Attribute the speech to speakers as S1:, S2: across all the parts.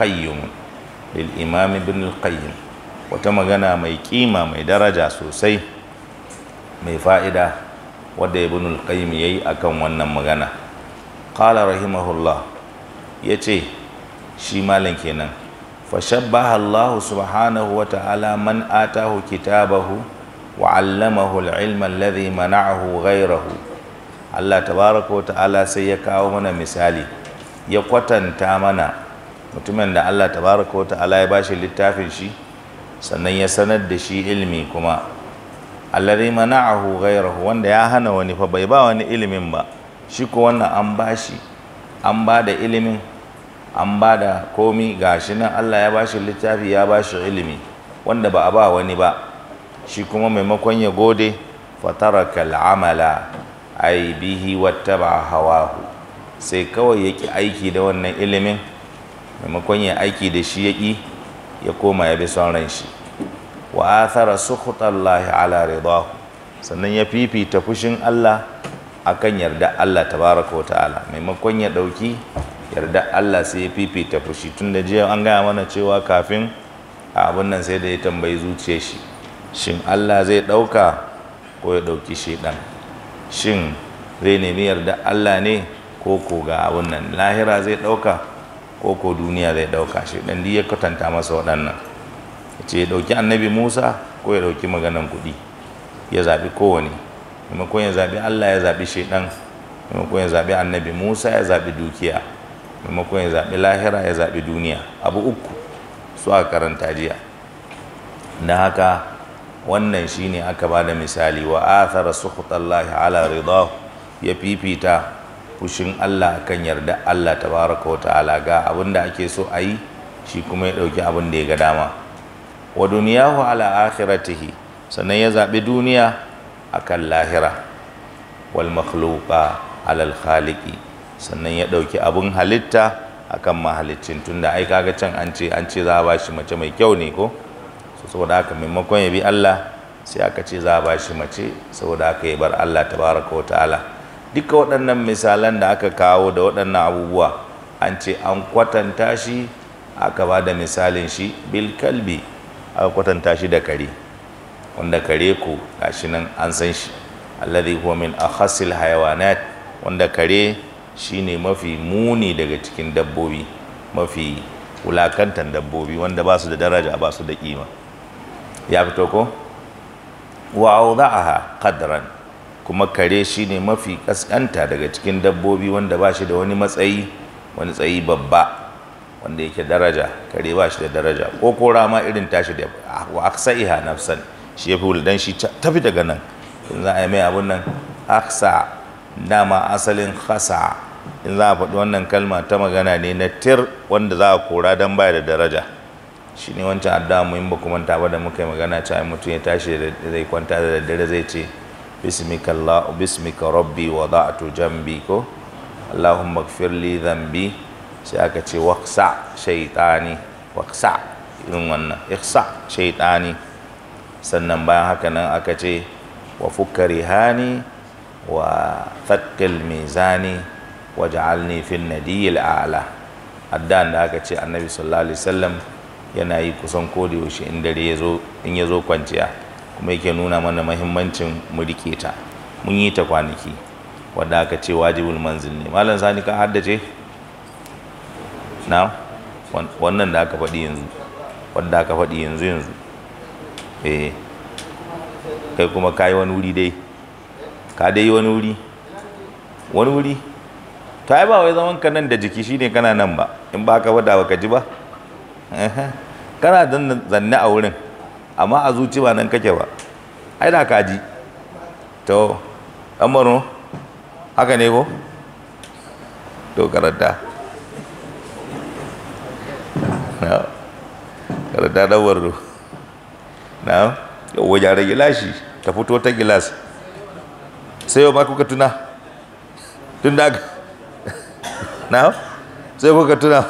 S1: qayyim lil imam ibn wata magana mai ƙima mai daraja sosai mai fa'ida wadda ibn al qayyim yayi akan wannan magana qala rahimahullah ce shi malam kenan fashabbaha Allah subhanahu wa ta'ala man atahu kitabahu wa 'allamahu al-'ilma alladhi mana'ahu ghayrahu Allah tabaraka wa ta'ala sai ya kawo mana misali ya kwatanta mana mutumin da Allah tabaraka wa ta'ala ya bashi littafin shi sannan ya sanar da shi ilimi kuma alladhi mana'ahu ghayrahu wanda ya hana wani fa bai ba wani ilimin ba shi ko wannan an bashi an ba da ilimin an ba da komi gashi nan Allah ya bashi littafi ya bashi ilimi wanda ba a ba wani ba shi kuma maimakon ya gode fataraka al'amala ai bihi wattaba hawahu sai kawai yaki aiki da wannan ilimin maimakon ya aiki da shi ya ƙi ya koma ya bi son ran shi wa athara lahi ala ridahu sannan ya fifita fushin Allah akan yarda Allah tabaraka wa ta'ala maimakon ya dauki yarda Allah sai ya fifita fushi tunda jiya an gaya mana cewa kafin a abin nan sai da ya tambayi zuciyar shi shin Allah zai dauka ko ya dauki shedan shin zai nemi yarda Allah ne ko ko ga abin nan lahira zai dauka koko duniya zai ɗauka shi di ya kwatanta masa waɗannan ya ce ya ɗauki annabi musa ko ya ɗauki maganan kuɗi ya zaɓi kowane maimakon ya zaɓi allah ya zaɓi shaiɗan maimakon ya zaɓi annabi musa ya zaɓi dukiya maimakon ya zaɓi lahira ya zaɓi duniya abu uku su a karanta jiya na haka wannan shine aka ba da misali wa athara sukhutallahi ala ridahu ya fifita fushin Allah akan yarda Allah tabaraka wa ta'ala ga abin da ake so a yi shi kuma ya ɗauki abin da ya ga dama wa duniyahu ala akhiratihi sannan ya zaɓi duniya akan lahira wal makhluqa ala al sannan ya ɗauki abin halitta akan mahalicin tunda ai kaga can an ce an ce za a bashi mace mai kyau ne ko saboda haka maimakon ya bi Allah sai aka ce za a bashi mace saboda haka ya bar Allah tabaraka wa ta'ala duka waɗannan misalan da aka kawo da waɗannan abubuwa an ce an kwatanta shi aka ba da misalin shi bilkalbi kalbi aka kwatanta shi da kare wanda kare ku gashi nan an san shi alladhi huwa min akhasil hayawanat wanda kare shine mafi muni daga cikin dabbobi mafi wulakantan dabbobi wanda ba su da daraja ba su da kima ya fito ko wa awda'aha qadran kuma kare shi ne mafi kaskanta daga cikin dabbobi wanda ba shi da wani matsayi wani tsayi babba wanda yake daraja kare ba shi da daraja ko kora ma irin tashi da wa aksa iha nafsan shi ya fi wuldan shi tafi daga nan in za a yi mai abun nan aksa dama asalin khasa in za a faɗi wannan kalma ta magana ne na tir wanda za a kora don baya da daraja shi ne wancan addu'a muhimmin ba kuma ta da muka yi magana cewa mutum ya tashi da zai kwanta da daddare zai ce bismika Allah bismika rabbi wada'tu jambi ko Allahumma ighfir li dhanbi sai aka ce waqsa shaytani waqsa irin wannan ihsa shaytani sannan bayan haka nan aka ce wa fukka rihani wa thaqqil mizani waj'alni fil nadiyil a'la addan da aka ce annabi sallallahu alaihi wasallam yana yi kusan koda yaushe in dare ya zo in ya zo kwanciya kuma yake nuna mana mahimmancin mu rike ta mun yi ta kwanaki wadda aka ce wajibul manzil ne malam sani ka haddace na wannan da aka faɗi yanzu wadda aka faɗi yanzu yanzu eh kai kuma ka yi wani wuri dai ka dai yi wani wuri wani wuri to ai ba wai zaman ka nan da jiki shine kana nan ba in ba ka faɗa ba ka ji ba kana zanne a wurin amma a zuci ba nan kake ba ai da kaji to amaro haka ne ko to karanta na karanta dan barno na waje da gilashi ta fito ta gilas sai yau ba kuka tuna tun da na sai kuka tuna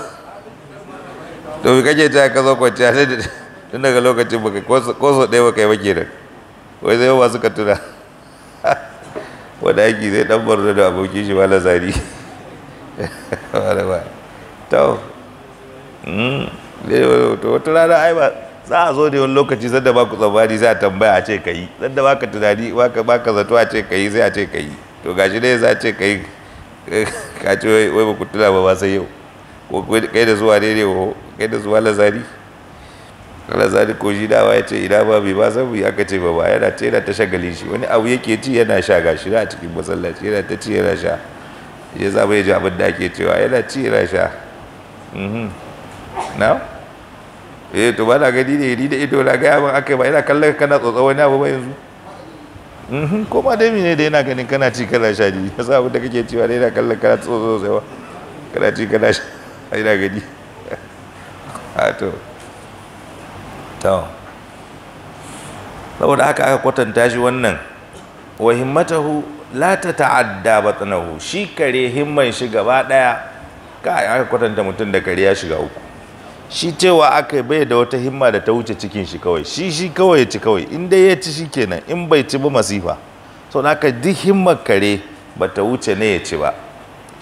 S1: to kake ta ka zo kwanciya sai tun daga lokacin baka koso ɗaya baka yi ba da wai zai ba ka tuna wani aiki zai ɗan barna da abokin shi malam sani malama hmm, to wata rana ai ba za a zo ne wani lokaci zan da baku tsammani sai a tambaya a ce ka yi zan da baka tunani baka zato a ce ka yi sai a ce ka yi to gashi ne za a ce ka yi ka ce wai baku tuna ba ba sai yau ko kai da zuwa ne ne ko kai da zuwa lazari Allah zai ko shi dawa ya ce ina ba bai ba sabu ya ka ce ba ba yana ta yana ta shagalin shi wani abu yake ci yana sha ga shi a cikin masallaci yana ta ci yana sha ya za bai ji abin da ake cewa yana ci yana sha mhm. na eh to ba na gani ne ni da ido na ga min akai ba yana kallon kana tsotsa wani abu ba yanzu mhm, ko ma dai ne da yana ganin kana ci kana sha ne ya sa abin da kake cewa yana kallon kana tsotsa sosai ba kana ci kana sha yana gani a to to saboda haka aka kwatanta shi wannan wa himmatahu la ta batnahu shi kare himman shi gaba daya kai aka kwatanta mutum da kare ya shiga uku shi cewa aka bai da wata himma da ta wuce cikin shi kawai shi shi kawai ya ci kawai in dai ya ci shikenan in bai ci ba masifa so haka duk himmar kare bata wuce ne ya ci ba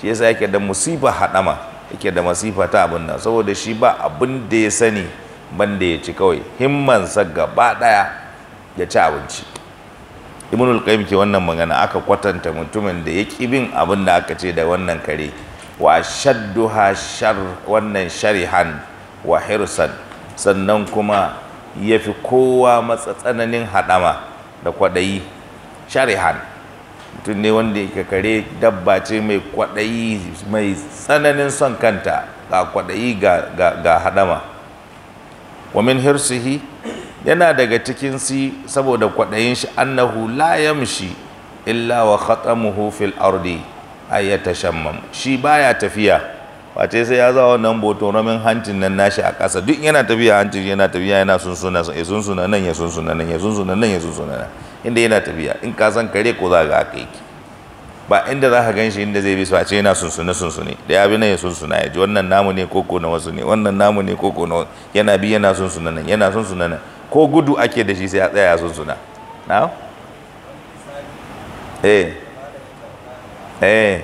S1: shi yasa yake da masifa hadama yake da masifa ta abin nan saboda shi ba abin da ya sani banda ya ci kawai himmansa gaba daya ya ci abinci ibn al-qayyim ke wannan magana aka kwatanta mutumin da ya ki bin abin da aka ce da wannan kare wa shadduha shar wannan sharihan wa hirsan sannan kuma ya fi kowa matsatsananin hadama da kwadayi sharihan mutum ne wanda yake kare dabba ce mai kwadayi mai tsananin son kanta ga kwadayi ga hadama wa min hirsihi yana daga cikin si saboda kwaɗayin shi annahu la yamshi illa wa haɗa khatamuhu fil ardi ay yatashammam shi ba ya tafiya face sai ya za wannan botoramin hancin nan nashi a ƙasa duk yana tafiya hancin yana tafiya yana sunsuna ya sunsuna nan ya sunsuna nan ya sunsuna nan ya sunsuna nan inda yana tafiya in ka san kare ko za ga aka yi ba inda za ka gan shi inda zai bi a ce yana sunsune sunsune da ya bi nan ya sunsuna ya ji wannan namu ne koko na wasu ne wannan namu ne koko na yana bi yana sunsuna nan yana sunsuna nan ko gudu ake da shi sai a tsaya sunsuna na eh eh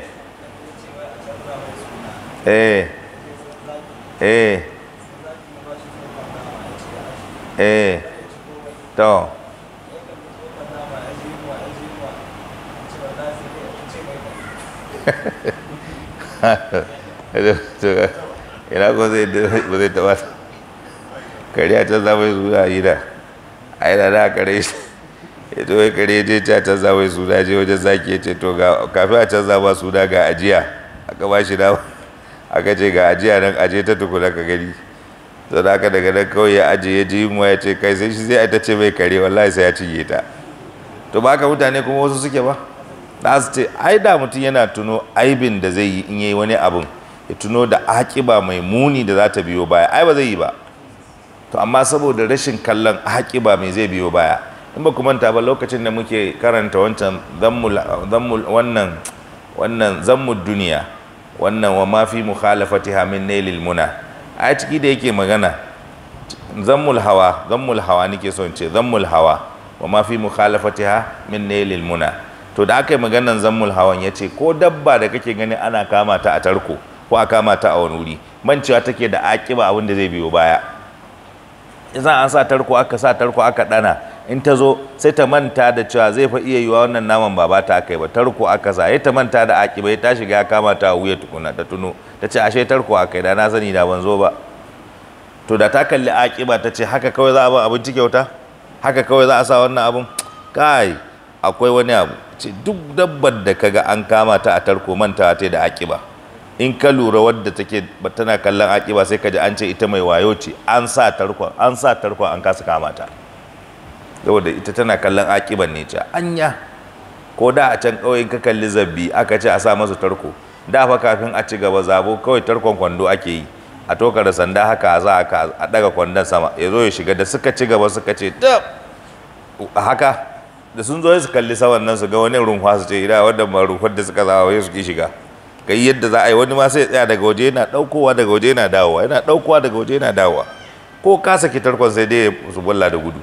S1: eh eh eh to ina ko zai ba zai taba kariya ta zama zuwa gida a yana da kare shi ya zo ya kare je ta ta zama suna je wajen zaki ya ce to ga kafin a canza ma suna ga ajiya aka ba shi dama aka ce ga ajiya nan aje ta tuku tukuna ka gani zan aka daga nan kawai ya aje ya ji yunwa ya ce kai sai shi zai ta ce mai kare wallahi sai ya cinye ta to ba ka mutane kuma wasu suke ba da su ce ai da mutum yana tuno aibin da zai yi in yi wani abin ya tuno da akiba mai muni da za ta biyo baya ai ba zai yi ba to amma saboda rashin kallon akiba mai zai biyo baya in ba kuma manta ba lokacin da muke karanta wancan zammul wannan wannan zammul duniya wannan wa ma fi fatiha min nailil muna a ciki da yake magana zammul hawa zammul hawa nake son ce zammul hawa wa ma fi fatiha min nailil muna to da aka yi maganan zammul hawan ya ce ko dabba da kake gani ana kama ta a tarko ko a kama ta a wani wuri mancewa take da akiba abin da zai biyo baya Ina an sa tarko aka sa tarko aka dana in ta zo sai ta manta da cewa zai fa iya yiwa wannan naman ba ba ta aka yi ba tarko aka sa ya ta manta da akiba ya ta shiga ya kama ta a wuya tukuna ta tuno ta ce ashe tarko aka yi da na sani da ban zo ba to da ta kalli akiba ta ce haka kawai za a ban abinci kyauta haka kawai za a sa wannan abin kai akwai wani abu ce duk dabbar da kaga an kama ta a tarko manta ta da akiba in ka lura wadda take tana kallon akiba sai ka ji an ce ita mai wayo ce an sa tarkon an sa tarkon an kasa kama ta saboda ita tana kallon akiban ne ce anya ko da a can kawai ka kalli zabbi aka ce a sa masa tarko da fa kafin a ci gaba zabo kawai tarkon kwando ake yi a tokar sanda haka za a daga kwandon sama ya zo ya shiga da suka ci gaba suka ce haka da sun zo su kalli saman nan su ga wani runfa su ce ina wannan ba rumfar da suka zawa wai su ki shiga kai yadda za a yi wani ma sai ya tsaya daga waje yana daukowa daga waje yana dawowa yana daukowa daga waje yana dawowa ko ka saki tarkon sai dai su bulla da gudu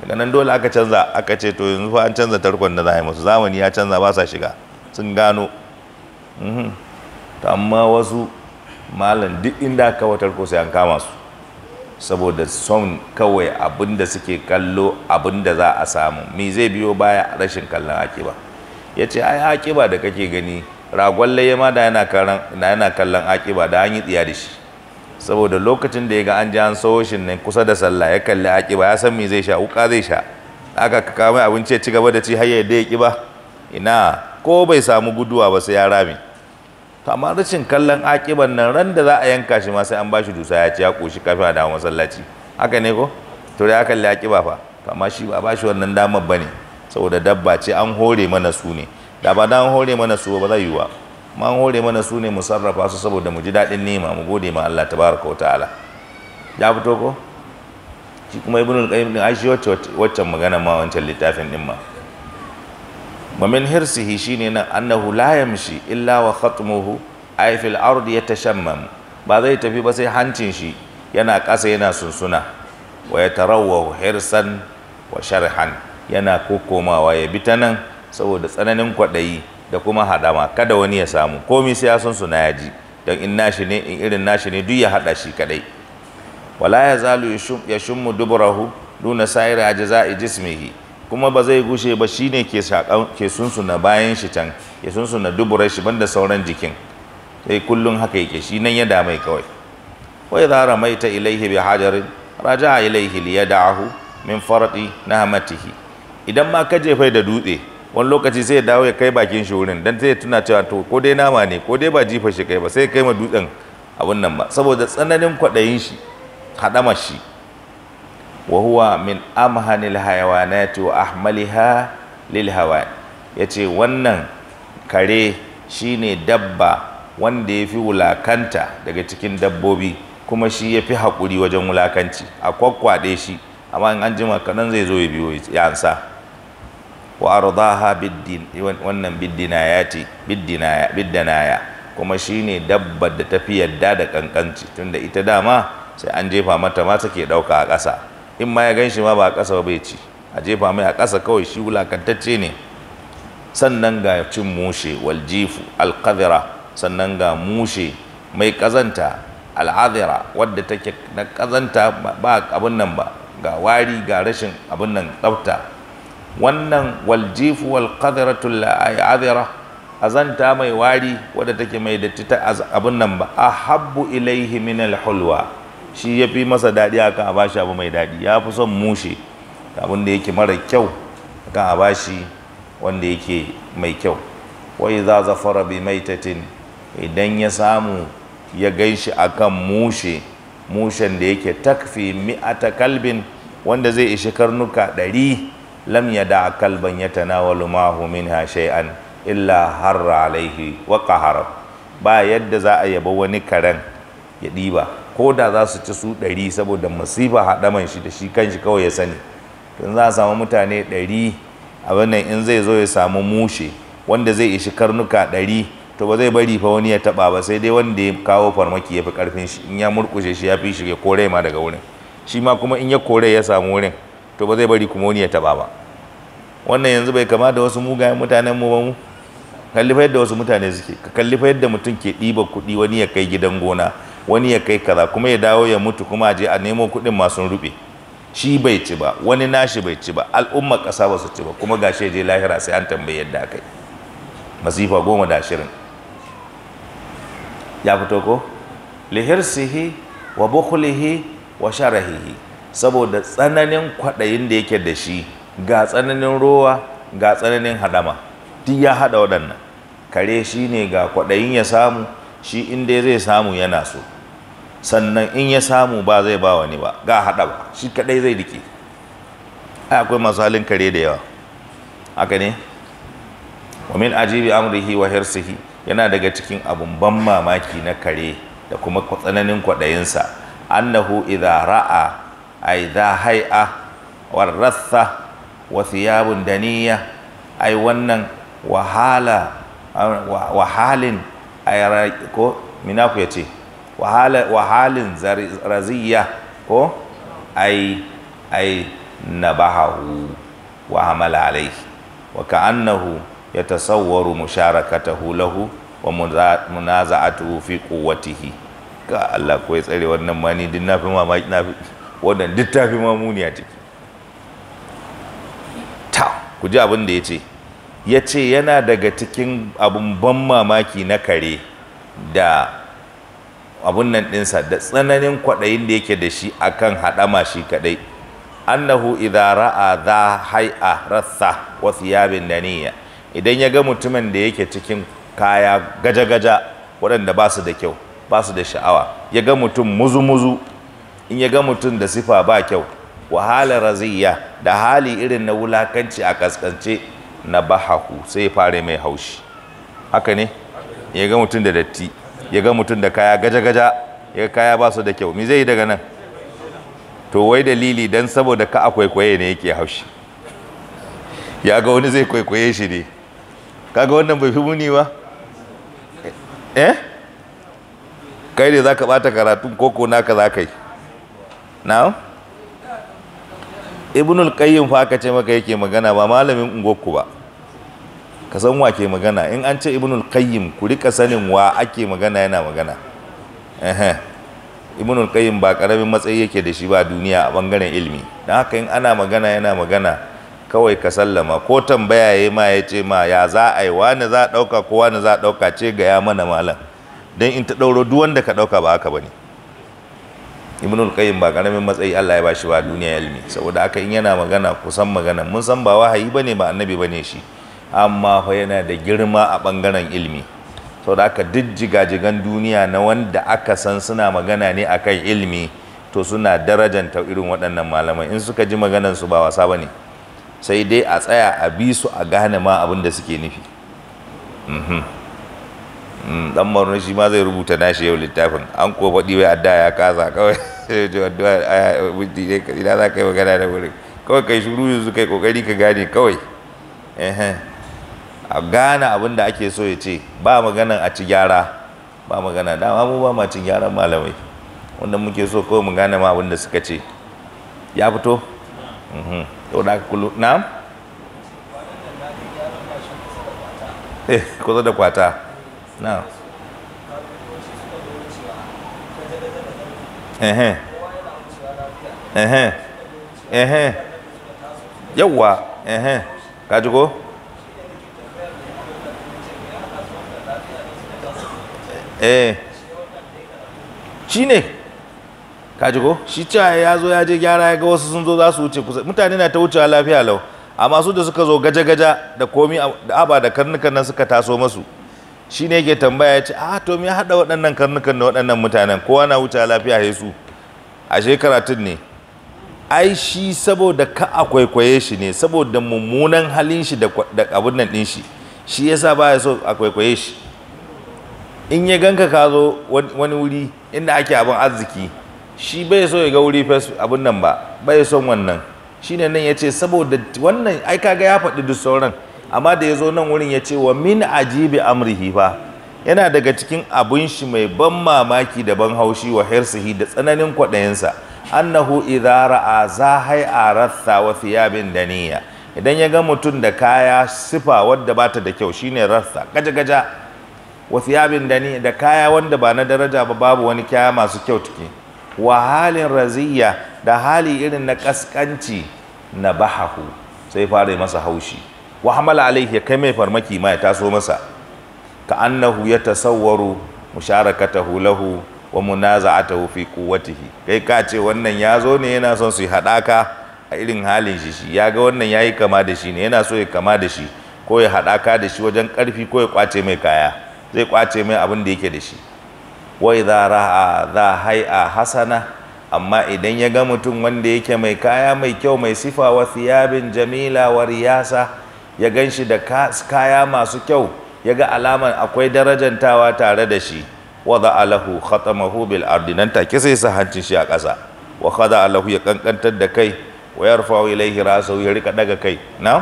S1: daga nan dole aka canza aka ce to yanzu fa an canza tarkon da za a yi musu zamani ya canza ba sa shiga sun gano mhm. amma wasu malam duk inda aka kawo tarko sai an kama su saboda son kawai abin da suke kallo abin da za a samu me zai biyo baya rashin kallon akiba ya ce ai akiba da kake gani ragon laye ma da yana kallon akiba da an yi tsiya da shi saboda lokacin da ya ga an ji an sawo shi ne kusa da sallah ya kalli akiba ya san me zai sha wuka zai sha aka abinci ya ci gaba da ci har da ya kiba ina ko bai samu guduwa ba sai ya rami." to amma rashin kallon akiban nan ran da za a yanka shi ma sai an bashi dusa ya ci ya koshi kafin a dawo masallaci haka ne ko to da aka kalli akiba fa to amma shi ba bashi wannan damar bane saboda dabba ce an hore mana su ne da ba dan hore mana su ba zai yiwa ma an hore mana su ne mu sarrafa su saboda mu ji daɗin nema mu gode ma Allah tabaraka wa ta'ala ya fito ko shi kuma ibnul qayyim din ai shi wacce wacce magana ma wancan littafin din ma wa min hirsihi shine nan annahu la yamshi illa wa khatmuhu ay fil ard yatashammam ba zai tafi ba sai hancin shi yana ƙasa yana sunsuna wa yatarawwahu hirsan wa sharhan yana kokomawa ya bi ta nan saboda tsananin kwaɗayi da kuma hadama kada wani ya samu komi sai ya sunsuna ya ji don in nashi ne in irin nashi ne duk ya haɗa shi kadai wala ya zalu ya shummu duburahu duna ji ajza'i jismihi kuma ba zai gushe ba shine ke ke sunsuna bayan shi can sunsu sunsuna duburar shi banda sauran jikin sai kullum haka yake shi nan ya damai kawai wai mai ta ilaihi bi hajarin raja ilaihi liyada'ahu min farati hamatihi idan ma ka jefa da dutse wani lokaci sai ya dawo ya kai bakin shi wurin dan sai tuna cewa to ko dai nama ne ko dai ba jifa shi kai ba sai kai ma dutsen abun nan ba saboda tsananin kwaɗayin shi haɗama shi wa huwa min amhanil hayawanati wa ahmaliha lil hawa yace wannan kare shine dabba wanda yafi wulakanta daga cikin dabbobi kuma shi yafi haƙuri wajen wulakanci a kwakkwade shi amma in an jima zai zo ya biyo ya ansa wa ardaha biddin wannan biddinayati biddinaya biddanaya kuma shine dabbar da tafi yadda da kankanci tunda ita dama sai an jefa mata ma take dauka a ƙasa in ma ya gan shi ma ba a ƙasa ba bai ci a jefa mai a ƙasa kawai shi wulakantacce ne sannan ga cin mushe waljifu alƙadira sannan ga mushe mai ƙazanta al'adira wadda take na ƙazanta ba abin nan ba ga wari ga rashin abin nan tsafta wannan waljifu yi la'adira azanta mai wari wadda take mai datti ta abin nan ba ahabbu ilaihi min alhulwa shi ya fi masa daɗi akan a bashi abu mai daɗi ya fi son mushe abin da yake mara kyau akan a bashi wanda yake mai kyau wai za zafara bi maitatin idan ya samu ya gaishi akan mushe mushen da yake takfi mi'ata kalbin wanda zai ishi karnuka ɗari lam ya da kalban ya tanawalu mahu hashe an, illa harra alaihi wa qahara ba yadda za a yaba wani karen ya ɗiba ko da za su ci su ɗari saboda masifa haɗaman shi da shi kan shi kawai ya sani tun za a samu mutane ɗari a wannan in zai zo ya samu mushe wanda zai ishi karnuka ɗari to ba zai bari fa wani ya taɓa ba sai dai wanda ya kawo farmaki ya fi ƙarfin shi in ya murƙushe shi ya fi shi ya kore ma daga wurin shi ma kuma in ya kore ya samu wurin to ba zai bari kuma wani ya taɓa ba wannan yanzu bai kama da wasu mugayen mutanen mu ba mu kalli fa yadda wasu mutane suke ka kalli fa yadda mutum ke ɗiba kuɗi wani ya kai gidan gona wani ya kai kaza kuma ya dawo ya mutu kuma a je a nemo kuɗin masu rube shi bai ci ba wani nashi bai ci ba al'umma ƙasa ba su ci ba kuma gashi ya je lahira sai an tambayi yadda akai. masifa goma da ashirin ya fito ko lihirsihi wa bukhlihi wa sharahihi saboda tsananin kwaɗayin da yake da shi ga tsananin rowa ga tsananin hadama duk ya haɗa waɗannan kare shi ne ga kwaɗayin ya samu shi in dai zai samu yana so sannan in ya samu ba zai ba wani ba ga haɗa ba shi kaɗai zai dike ai akwai masu halin kare da yawa haka ne wa ajibi amrihi wa hirsihi yana daga cikin abun ban mamaki na kare da kuma tsananin kwaɗayinsa annahu idza ra'a ay dha hay'a warrasa wa thiyabun daniya ai wannan wahala wahalin ay ko ku ya wa halin raziya ko ay ay nabahahu wa hamala alayhi wa mu yatasawwaru musharakatahu lahu wa munaza'atuhu fi quwwatihi ka Allah ko ya tsare wannan mani din fi mamaki fi wannan duk fi mamuniya ta ku ji abin da ya ce. ya ce yana daga cikin abun ban mamaki na kare da abun nan ɗinsa da tsananin kwaɗayin da yake da shi a akan haɗama shi kaɗai annahu idza ra'a za a rassa wa thiyabin daniya idan ya ga mutumin da yake cikin kaya gaja-gaja waɗanda ba su da kyau ba su da sha'awa ya ga mutum muzu-muzu in ya ga mutum da sifa ba kyau wahala raziya da hali irin na wulakanci a kaskance na bahahu sai ya fara mai haushi haka ne ya ga mutum da datti ya ga mutum da kaya gaja-gaja ya kaya ba su da kyau me zai yi daga nan to wai dalili don saboda ka akwai kwaye ne yake haushi ya ga wani zai kwaikwaye shi ne kaga wannan bai fi muni ba eh kai da za ka bata karatun koko naka za ka yi na'am ibnul qayyim fa aka ce maka yake magana ba malamin ungokku ba ka san wa ke magana in an ce ibnul qayyim ku rika sanin wa ake magana yana magana ehe ibnul qayyim ba karamin matsayi yake da shi ba duniya a bangaren ilimi dan haka in ana magana yana magana kawai ka sallama ko tambaya yayi ma ya ce ma ya za a yi wani za a dauka ko wani za a dauka ce ga ya mana malam dan in ta dauro duk wanda ka dauka ba haka bane ibnul qayyim ba karamin matsayi Allah ya bashi ba duniya ilmi saboda aka in yana magana kusan magana mun san ba wahayi bane ba annabi bane shi amma fa yana da girma a bangaren ilmi saboda aka duk jigajigan duniya na wanda aka san suna magana ne akan ilmi to suna darajan ta irin waɗannan malamai in suka ji maganan su ba wasa bane sai dai a tsaya a bi su a gane ma abin da suke nufi mhm Mm, dan marno shi ma zai rubuta nashi yau littafin an ko faɗi bai adda ya kasa kawai sai to addu'a dai ina za zaka yi magana da wuri kawai kai shuru yanzu kai kokari ka gane kawai a gane abin da ake so ya ce ba maganan a ci gyara ba magana dama mu ba ma cin gyaran malamai wanda muke so kawai mu gane ma abin da suka ce ya fito to mm-hmm. da kullu na eh, kusa da kwata na ehe ehe ehe yawwa ehe kaji ko eh shi ne kaji ko shi cewa ya zo ya je gyara ya ga wasu sun zo za su wuce kusa mutane na ta wucewa lafiya lau amma su da suka zo gaja-gaja da komi da aba da karnukan nan suka taso masu shi ne yake tambaya ya ce a ah, to me haɗa waɗannan karnukan da waɗannan mutanen kowa na wuce lafiya ya su ashe karatun ne ai shi saboda ka a kwaikwaye shi ne saboda mummunan halin shi da abin nan ɗin shi shi sa ba ya so a kwaikwaye shi in ya ganka ka zo wani wuri inda ake abin arziki shi bai so ya ga wuri fes abin nan ba bai son wannan shine nan ya ce saboda wannan ai kaga ya faɗi duk sauran amma da ya zo nan wurin ya ce wa min ajibi amrihi ba yana daga cikin abun shi mai ban mamaki da ban haushi wa hirsihi da tsananin kwaɗayinsa annahu idza ra'a za hai aratha wa thiyabin daniya idan ya ga mutum da kaya sifa wadda ba ta da kyau shine ratha gaja gaja wa thiyabin daniya da kaya wanda ba na daraja ba babu wani kaya masu kyau take wa halin raziya da hali irin na kaskanci na bahahu sai fara masa haushi wa hamala alaihi ya kai mai farmaki ma ya taso masa ka annahu ya tasawwaru musharakatahu lahu wa munaza'atahu fi quwwatihi kai ka ce wannan ya zo ne yana son su yi hadaka a irin halin shi shi ya ga wannan yayi kama da shi ne yana so ya kama da shi ko ya hadaka da shi wajen karfi ko ya kwace mai kaya zai kwace mai abin da yake da shi wa idza ra'a za hai'a hasana amma idan ya ga mutum wanda yake mai kaya mai kyau mai sifa wa thiyabin jamila wa riyasa ya gan shi da kaya masu kyau ya ga alaman akwai darajantawa tare da shi wadda alahu khatamahu bil ardi nan take sai sa hancin shi a ƙasa wa khada alahu ya kankantar da kai wa ilai ilaihi rasahu ya rika daga kai na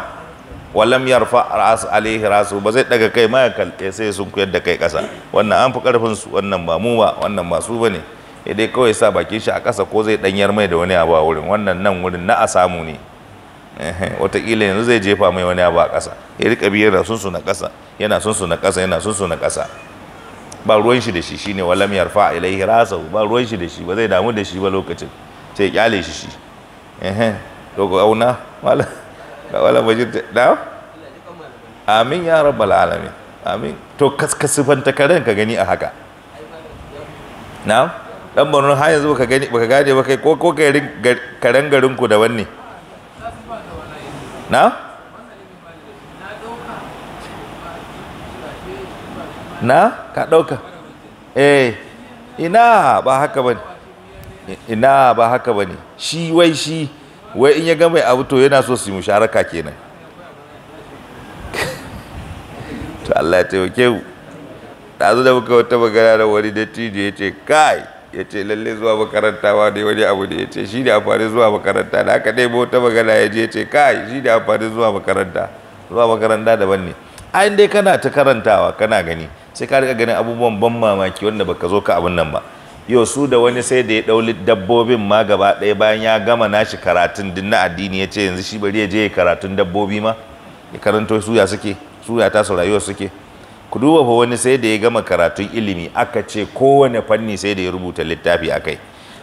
S1: walam yarfa ras alaihi rasahu ba zai daga kai ma ya sai sun kuyar da kai ƙasa wannan an fi karfin su wannan ba mu ba wannan ba su bane ya kawai sa bakin shi a ƙasa ko zai danyar mai da wani abu a wurin wannan nan wurin na a samu ne watakila yanzu zai jefa mai wani abu a ƙasa ya rika biyar da sunsu na ƙasa yana sunsu na ƙasa yana sunsu na ƙasa ba ruwan shi da shi shine walam yarfa ilaihi hirasa ba ruwan shi da shi ba zai damu da shi ba lokacin sai ya kyale shi shi to ga auna wala wala bajir da amin ya rabbal alamin amin to kaskasifan takaran ka gani a haka na dan barno har yanzu baka gani baka gane ba kai ko ko karen garin ku da wanne na na ka ɗauka eh ina ba haka ba ina ba haka ba ne shi wai shi wai in ya ga mai abu to yana so su yi musharaka kenan to Allah ya taimake mu ɗazu da muka wata magana da wani dattijo ya ce kai ya ce lalle zuwa makarantawa ne wani abu ne ya ce shi ne amfani zuwa makaranta da aka nemo wata magana ya je ce kai shi ne amfani zuwa makaranta zuwa makaranta daban ne ayin dai kana ta karantawa kana gani sai ka rika ganin abubuwan ban mamaki wanda baka zo ka abin nan ba yau su da wani sai da ya ɗauli dabbobin ma gaba ɗaya bayan ya gama nashi karatun din na addini ya ce yanzu shi bari ya je karatun dabbobi ma ya karanto suya suke suya ta su rayuwa suke ku duba fa wani sai da ya gama karatun ilimi aka ce kowane fanni sai da ya rubuta littafi a kai.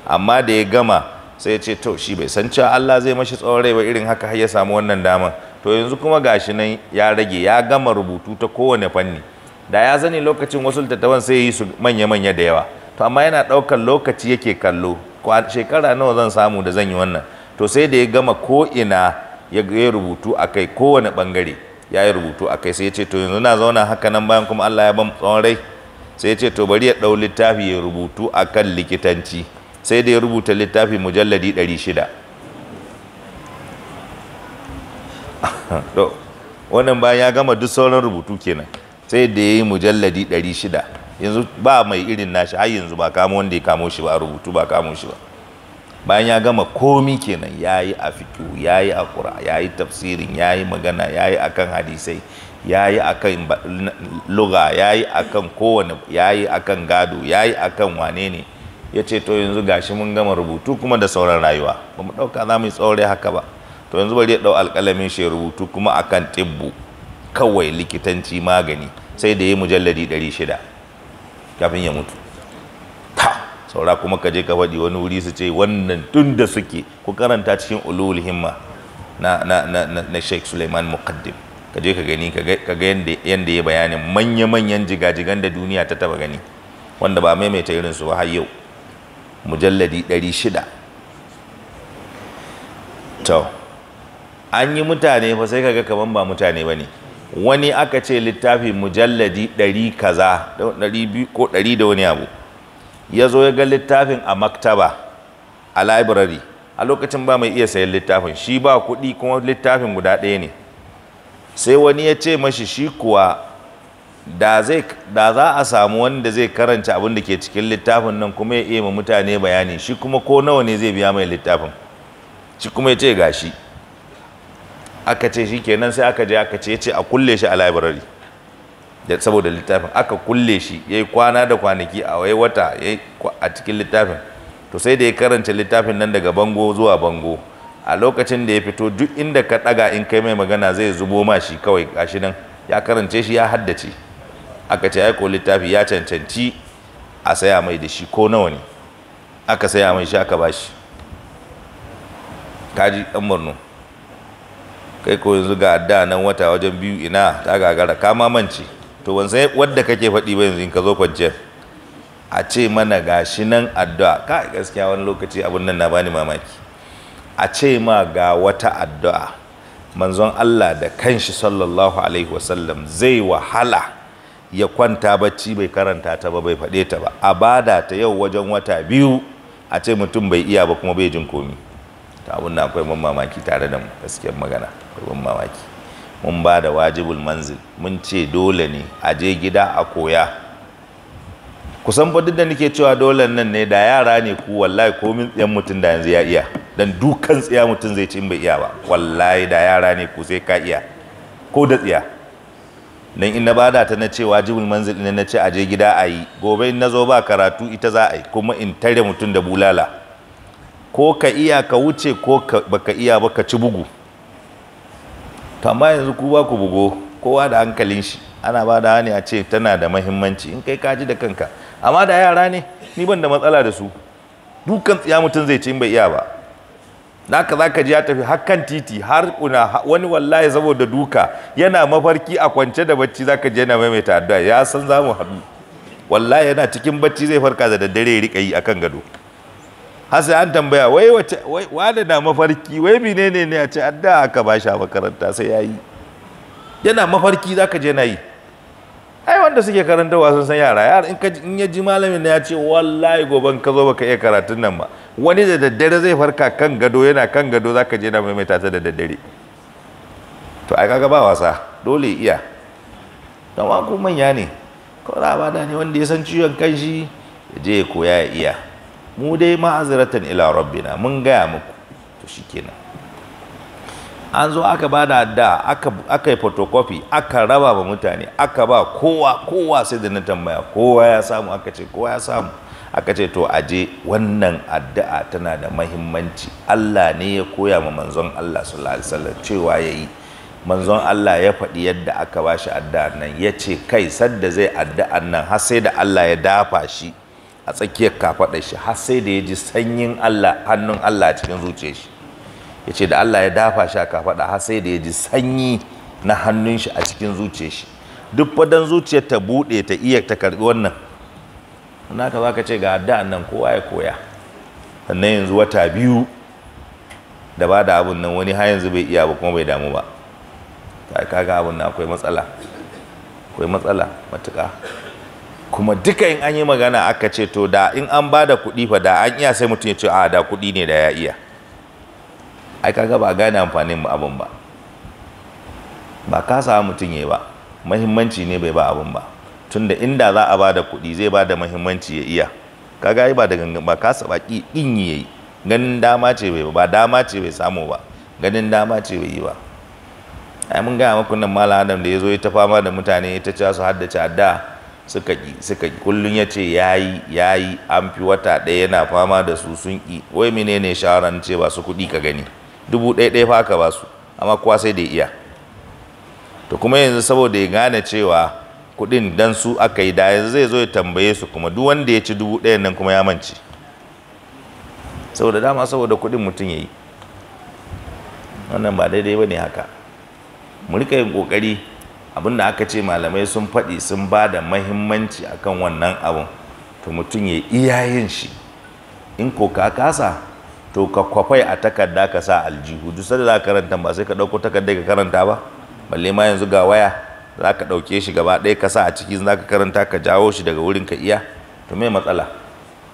S1: amma da ya gama sai ya ce to shi bai san cewa Allah zai mashi tsawon rai ba irin haka har ya samu wannan daman to yanzu kuma gashi nan ya rage ya gama rubutu ta kowane fanni da ya zani lokacin wasu littattafan sai yi su manya-manya da yawa to amma yana ɗaukar lokaci yake kallo shekara nawa zan samu da zan yi wannan to sai da ya gama ko ina ya rubutu a kai kowane ɓangare ya yi rubutu a kai sai ya ce to yanzu na zauna haka nan bayan kuma Allah ya ban tsawon rai sai ya ce to bari ya ɗau littafi ya rubutu a kan likitanci sai da ya rubuta littafi mujalladi ɗari shida wannan bayan ya gama duk sauran rubutu kenan sai da ya yi mujalladi ɗari shida yanzu ba mai irin nashi har yanzu ba kamo wanda ya kamo shi ba a rubutu ba kamo shi ba bayan ya gama komi kenan ya yi a fito ya yi a ƙura ya yi tafsirin ya yi magana ya yi a kan hadisai ya yi a kan luga ya yi a kan kowane ya yi a gado ya yi a kan wane ne ya ce to yanzu gashi mun gama rubutu kuma da sauran rayuwa ba mu ɗauka za mu yi tsaure haka ba to yanzu bari ya ɗau alƙalamin shi rubutu kuma akan tibbu kawai likitanci magani sai da ya mujalladi ɗari shida kafin ya mutu saura kuma ka je ka faɗi wani wuri su ce wannan tun da suke ku karanta cikin ulul himma na na na na Sheikh Suleiman Muqaddim ka je ka gani ka ga yanda ya bayanin manya-manyan jigajigan da duniya ta taba gani wanda ba maimaita irin su har yau mujalladi 600 to an yi mutane fa sai kaga kaman ba mutane bane wani aka ce littafi mujalladi 100 kaza 200 ko 100 da wani abu ya zo ya ga littafin a maktaba a library a lokacin ba mai iya sayan littafin shi ba kuɗi kuma littafin guda ɗaya ne sai wani ya ce mashi shi kuwa da za a samu wanda zai karanta abin da ke cikin littafin nan kuma ya iya ma mutane bayani shi kuma ko nawa ne zai biya mai littafin shi kuma ya ce ga shi aka ce shi kenan sai aka je aka ce ya ce a kulle shi a library saboda littafin aka kulle shi ya yi kwana da kwanaki a wai wata a cikin littafin to sai da ya karanta littafin nan daga bango zuwa bango a lokacin da ya fito duk inda ka ɗaga in kai mai magana zai zubo ma shi kawai gashi nan ya karance shi ya haddace aka ce aiko littafi ya cancanci a saya mai da shi ko nawa ne aka saya mai shi aka bashi kaji ɗan murnu kai ko yanzu ga da nan wata wajen biyu ina ta gagara Ka mance to wanzai wadda kake faɗi ba yanzu in ka zo kwanciyar a ce mana gashi nan addu'a ka gaskiya wani lokaci abun nan na bani mamaki a ce ma ga wata addu'a manzon Allah da kanshi sallallahu alaihi wasallam zai wahala ya kwanta bacci bai karanta ta ba bai faɗe ta ba a bada ta yau wajen wata biyu a ce mutum bai iya ba kuma bai jin komi ta abun na akwai mamaki tare da mu gaskiyar magana akwai mamaki mun ba da wajibul manzil mun ce dole ne a je gida a koya kusan fa duk da nake cewa dole nan ne da yara ne ku wallahi komin tsayan mutum da yanzu ya iya dan dukan tsaya mutum zai ci in bai iya ba wallahi da yara ne ku sai ka iya ko da tsiya dan in na bada ta na ce wajibul manzil ne na ce a je gida a yi gobe in nazo ba karatu ita za a yi kuma in tare mutum da bulala ko ka iya ka wuce ko baka iya ba ka ci bugu to amma yanzu ku ba ku bugo kowa da hankalin shi ana ba da hani a ce tana da mahimmanci in kai kaji da kanka amma da yara ne ni ban da matsala da su dukkan tsiya mutum zai ce in bai iya ba za zaka ji ya tafi hakan titi har kuna wani wallahi saboda duka yana mafarki a kwance da bacci zaka je yana maimaita addu'a ya san za mu haɗu wallahi yana cikin bacci zai farka da daddare ya rika yi a kan gado hasa an tambaya wai wace wada na mafarki wai menene ne a ce an da aka ba shi a makaranta sai ya yi yana mafarki za ka je na yi ai wanda suke karanta wasu san yara yara in ka in ya ji malamin na ya ce wallahi goban ka zo baka iya karatun nan ba wani da daddare zai farka kan gado yana kan gado za ka je na maimaita ta da daddare to ai kaga ba wasa dole iya Dan wa manya ne kawai ba da ne wanda ya san ciwon kanshi ya je ya koya ya iya mu dai ma'aziratan ila rabbina mun gaya muku to shi kenan an zo aka ba da da aka yi photocopy aka raba ba mutane aka ba kowa kowa sai da na tambaya kowa ya samu aka ce kowa ya samu aka ce to aje wannan addu'a tana da mahimmanci Allah ne ya koya ma manzon Allah sallallahu alaihi wasallam cewa yayi manzon Allah ya faɗi yadda aka ba shi addu'a nan ya ce kai sadda zai addu'an nan har sai da Allah ya dafa shi a tsakiyar kafaɗar shi har sai da ya ji sanyin Allah hannun Allah cikin zuciyar shi ya ce da Allah ya dafa shi a kafaɗa har sai da ya ji sanyi na hannun shi a cikin zuciyar shi duk fadan zuciyar ta buɗe ta iya ta karɓi wannan naka za ka ce ga addu'an nan kowa ya koya sannan yanzu wata biyu da ba da abun nan wani har yanzu bai iya ba kuma bai damu ba kaga abun nan akwai matsala akwai matsala matuƙa kuma duka in an yi magana aka ce to da in an ba da kuɗi fa da an iya sai mutum ya ce a da kuɗi ne da ya iya ai kaga ba gane amfanin mu abin ba ba ka sa mutum yayi ba mahimmanci ne bai ba abin ba tunda inda za a ba da kuɗi zai ba da mahimmanci ya iya kaga ai ba da gangan ba kasa baki din yayi ganin dama ce bai ba dama ce bai samu ba ganin dama ce bai yi ba ai mun gaya maku nan malam adam da ya zo ya ta fama da mutane ya ta ci su haddace adda suka ƙi suka kullum ya ce ya yi ya yi an fi wata ɗaya yana fama da su sun ƙi wai ne shawaran ce ba su kuɗi ka gani dubu ɗaya ɗaya fa ka ba su amma kuwa sai da iya to kuma yanzu saboda ya gane cewa kuɗin dan su aka yi da yanzu zai zo ya tambaye su kuma duk wanda ya ci dubu ɗaya nan kuma ya mance saboda dama saboda kuɗin mutum ya yi wannan ba daidai ba ne haka mu rika yin ƙoƙari abinda aka ce malamai sun faɗi sun ba da mahimmanci akan wannan abun to mutum ya iyayen shi in ko ka kasa to ka kwafai a takarda ka sa aljihu duk sanda za ka karanta ba sai ka ɗauko takarda ka karanta ba balle ma yanzu ga waya za ka ɗauke shi gaba ɗaya ka sa a ciki za ka karanta ka jawo shi daga wurin ka iya to me matsala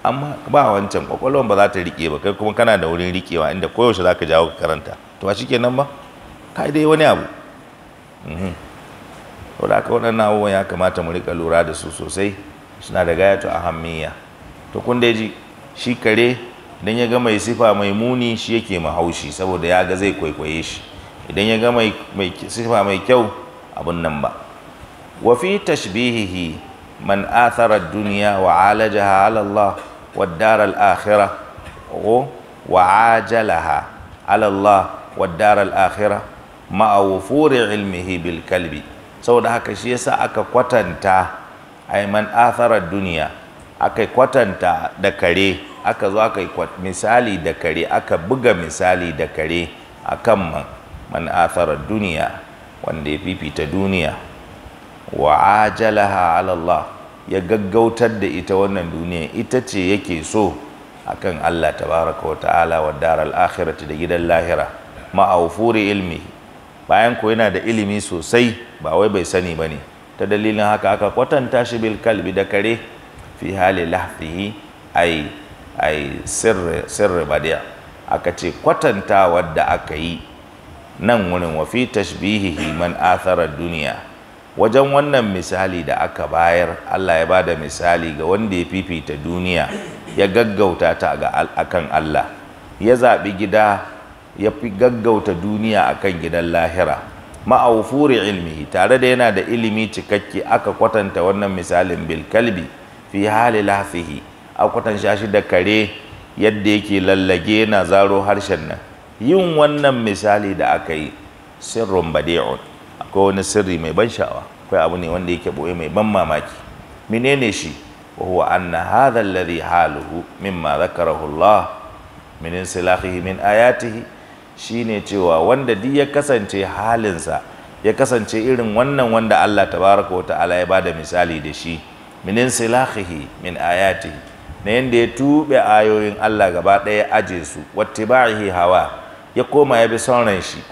S1: amma ba wancan kwakwalwan ba za ta riƙe ba kai kuma kana da wurin riƙewa inda koyaushe za ka jawo ka karanta to ba kenan ba ka dai wani abu mhm. saboda haka waɗannan abubuwan ya kamata mu rika lura da su sosai suna da gayatu ahammiya to kun dai ji shi kare idan ya ga mai sifa mai muni shi yake mahaushi saboda ya ga zai kwaikwaye shi idan ya ga mai sifa mai kyau abun nan ba wa fi tashbihihi man athara ad-dunya wa alajaha ala Allah wa ad-dar al-akhirah wa ajalaha ala Allah wa ad-dar al-akhirah ma'a wufuri ilmihi bil kalbi saboda haka shi yasa aka kwatanta a atharar duniya aka kwatanta da kare aka zo aka misali da kare aka buga misali da kare a kan man duniya wanda ya fifita duniya wa ajalaha Allah ya gaggautar da ita wannan duniya ita ce yake so a kan Allah tabaraka wa ta'ala wa darar da gidan lahira ma'aufuri ilmi bayan ko yana da ilimi sosai ba wai bai sani ba ne ta dalilin haka aka kwatanta shi bil kalbi da kare fi hali lahfihi ai ai sirri sirri badiya aka ce kwatanta wadda aka yi nan wurin wa fi tashbihihi man duniya wajen wannan misali da aka bayar Allah ya bada misali ga wanda ya fifita duniya ya gaggauta ta ga akan Allah ya zaɓi gida ya fi gaggauta duniya a kan gidan lahira ma'aufuri ilmihi tare da yana da ilimi cikakke aka kwatanta wannan misalin bilkalbi fi hali lafihi a kwatan shashi da kare yadda yake lallage na zaro harshen nan yin wannan misali da aka yi Sirrin badi'un akwai wani sirri mai ban sha'awa akwai abu ne wanda yake boye mai ban mamaki menene shi wa huwa anna hadha alladhi haluhu mimma dhakarahu Allah min insilahihi min ayatihi shine cewa wanda duk ya kasance halinsa ya kasance irin wannan wanda Allah tabaraka wa ta'ala ya da misali da shi minin silahihi min ayati na yanda ya tube ayoyin Allah gaba ɗaya aje su wattibahi hawa ya koma ya bi sauran shi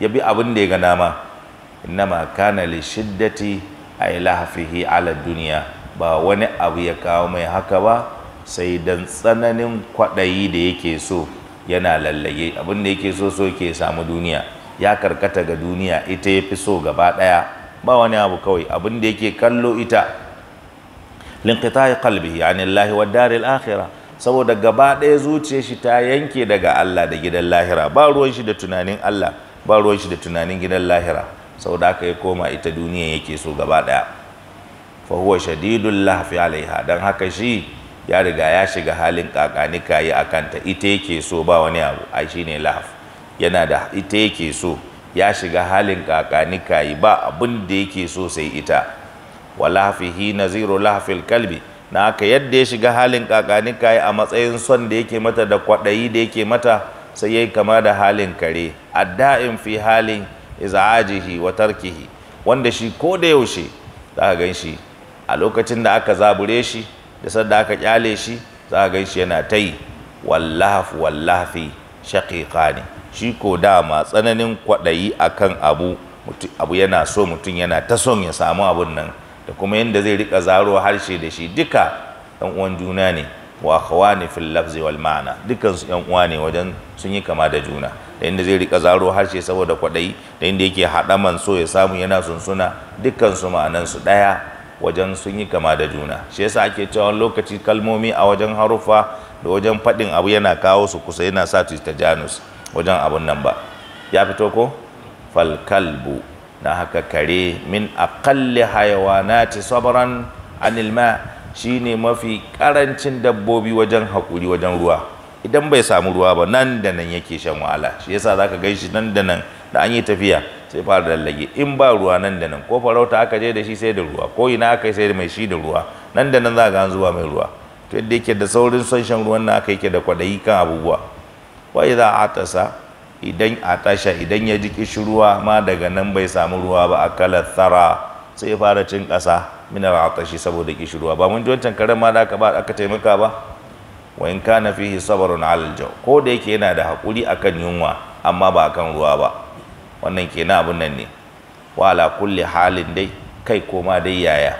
S1: ya bi abin da ya ga nama innama kana li shiddati ay lahfihi ala duniya ba wani abu ya kawo mai haka ba sai dan tsananin kwaɗayi da yake so yana lallage abin da yake so so yake samu duniya ya karkata ga duniya ita ya fi so gaba ɗaya ba wani abu kawai abin da yake kallo ita linqita'i qalbihi anillahi wa daril akhirah saboda gaba ɗaya zuciyar shi ta yanke daga Allah da gidan lahira ba ruwan shi da tunanin Allah ba ruwan shi da tunanin gidan lahira saboda aka ya koma ita duniya yake so gaba ɗaya fa huwa shadidul lahfi alaiha dan haka shi ya riga ya shiga halin kakanika yi a kanta ita yake so ba wani abu ai ne lahaf yana da ita yake so ya shiga halin kakanika yi ba abin da yake so sai ita wa na naziru lahafil kalbi na haka yadda ya shiga halin kakanika yi a matsayin son da yake mata da kwaɗayi da yake mata sai ya yi kama da halin kare adda'in fi halin iz'ajihi wa tarkihi wanda shi ko da yaushe za ka gan shi a lokacin da aka zabure shi da sadda aka kyale shi za a gaishe yana ta yi wallahaf wallafi ne. shi ko dama tsananin kwaɗayi akan abu abu yana so mutum yana ta son ya samu abun nan da kuma yadda zai riƙa zaro harshe da shi duka ɗan uwan juna ne wa ne fil lafzi wal ma'ana dukkan su uwa ne wajen sun yi kama da juna da yadda zai riƙa zaro harshe saboda kwaɗayi da yadda yake haɗa man so ya samu yana sunsuna dukkan su ma'anan su ɗaya wajen sun yi kama da juna shi yasa ake cewa lokaci kalmomi a wajen haruffa da wajen faɗin abu yana kawo su kusa yana sa ta janus wajen abun nan ba ya fito ko fal falkalbu na haka kare min akalli hayawanati sabran anil ma shine mafi karancin dabbobi wajen hakuri wajen ruwa idan bai samu ruwa ba nan da nan yake shan wahala shi yasa zaka gaishi shi nan da nan da an yi tafiya sai fara lallage in ba ruwa nan da nan ko farauta aka je da shi sai da ruwa ko ina aka sai da mai shi da ruwa nan da nan za ga an zuwa mai ruwa to yadda yake da saurin son shan ruwan nan aka yake da kwadayi kan abubuwa wa idza atasa idan atasha idan ya ji kishiruwa ma daga nan bai samu ruwa ba akala thara sai ya fara cin kasa min atashi saboda kishiruwa ba mun ji wancan karan ma da aka ba aka taimaka ba wa in kana fihi sabrun al jaw ko da yake yana da hakuri akan yunwa amma ba akan ruwa ba wannan kenan abin nan ne wa ala kulli halin dai kai koma dai yaya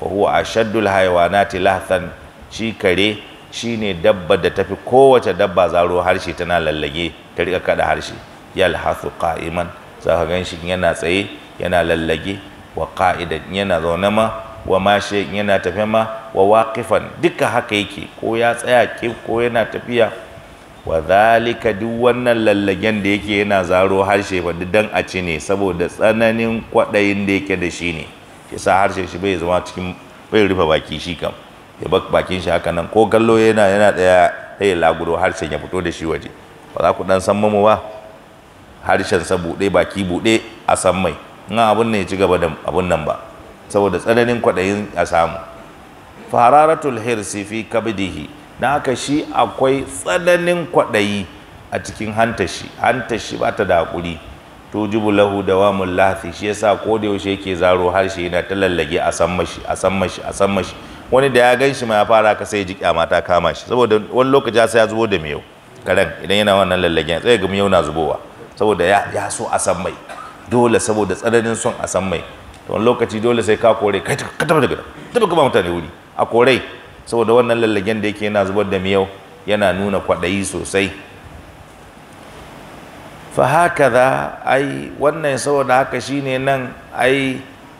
S1: fa huwa ashaddul hayawanati lahsan shi kare shine dabba da tafi kowace dabba zaro harshe tana lallage ta rika kada harshe hasu qa'iman zaka ganshi yana tsaye yana lallage wa qa'idan yana zaune ma wa mashi yana tafe ma wa waqifan duka haka yake ko ya tsaya ke ko yana tafiya wa zalika duk wannan lallagen da yake yana zaro harshe ba dan a ci ne saboda tsananin kwaɗayin da yake da shi ne ya sa harshe shi bai zama cikin bai rufe baki shi kam ya bak bakin shi haka nan ko kallo yana yana daya sai ya laguro harshen ya fito da shi waje ba za ku dan san mamu ba harshen sa buɗe baki buɗe a san mai in abun ne ya ci gaba da abun nan ba saboda tsananin kwaɗayin a samu fararatul hirsi fi kabdihi Na haka shi akwai tsananin kwaɗayi a cikin hantashi hantashi ba ta da haƙuri jubu lahu dawamul lafi shi yasa ko da yaushe yake zaro harshe yana ta lallage a san a san a san wani da ya gan shi ma fara ka sai ji kyama ta kama shi saboda wani lokaci sai ya zubo da miyau karen idan yana wannan lallagen sai ga miyau na zubowa saboda ya so a san dole saboda tsananin son a san mai to wani lokaci dole sai ka kore kai ka tafi daga tafi ka mutane wuri a kore saboda wannan lallagen da yake yana zubar da miyau yana nuna kwaɗayi sosai fa haka hakaza ai wannan saboda haka shine nan ai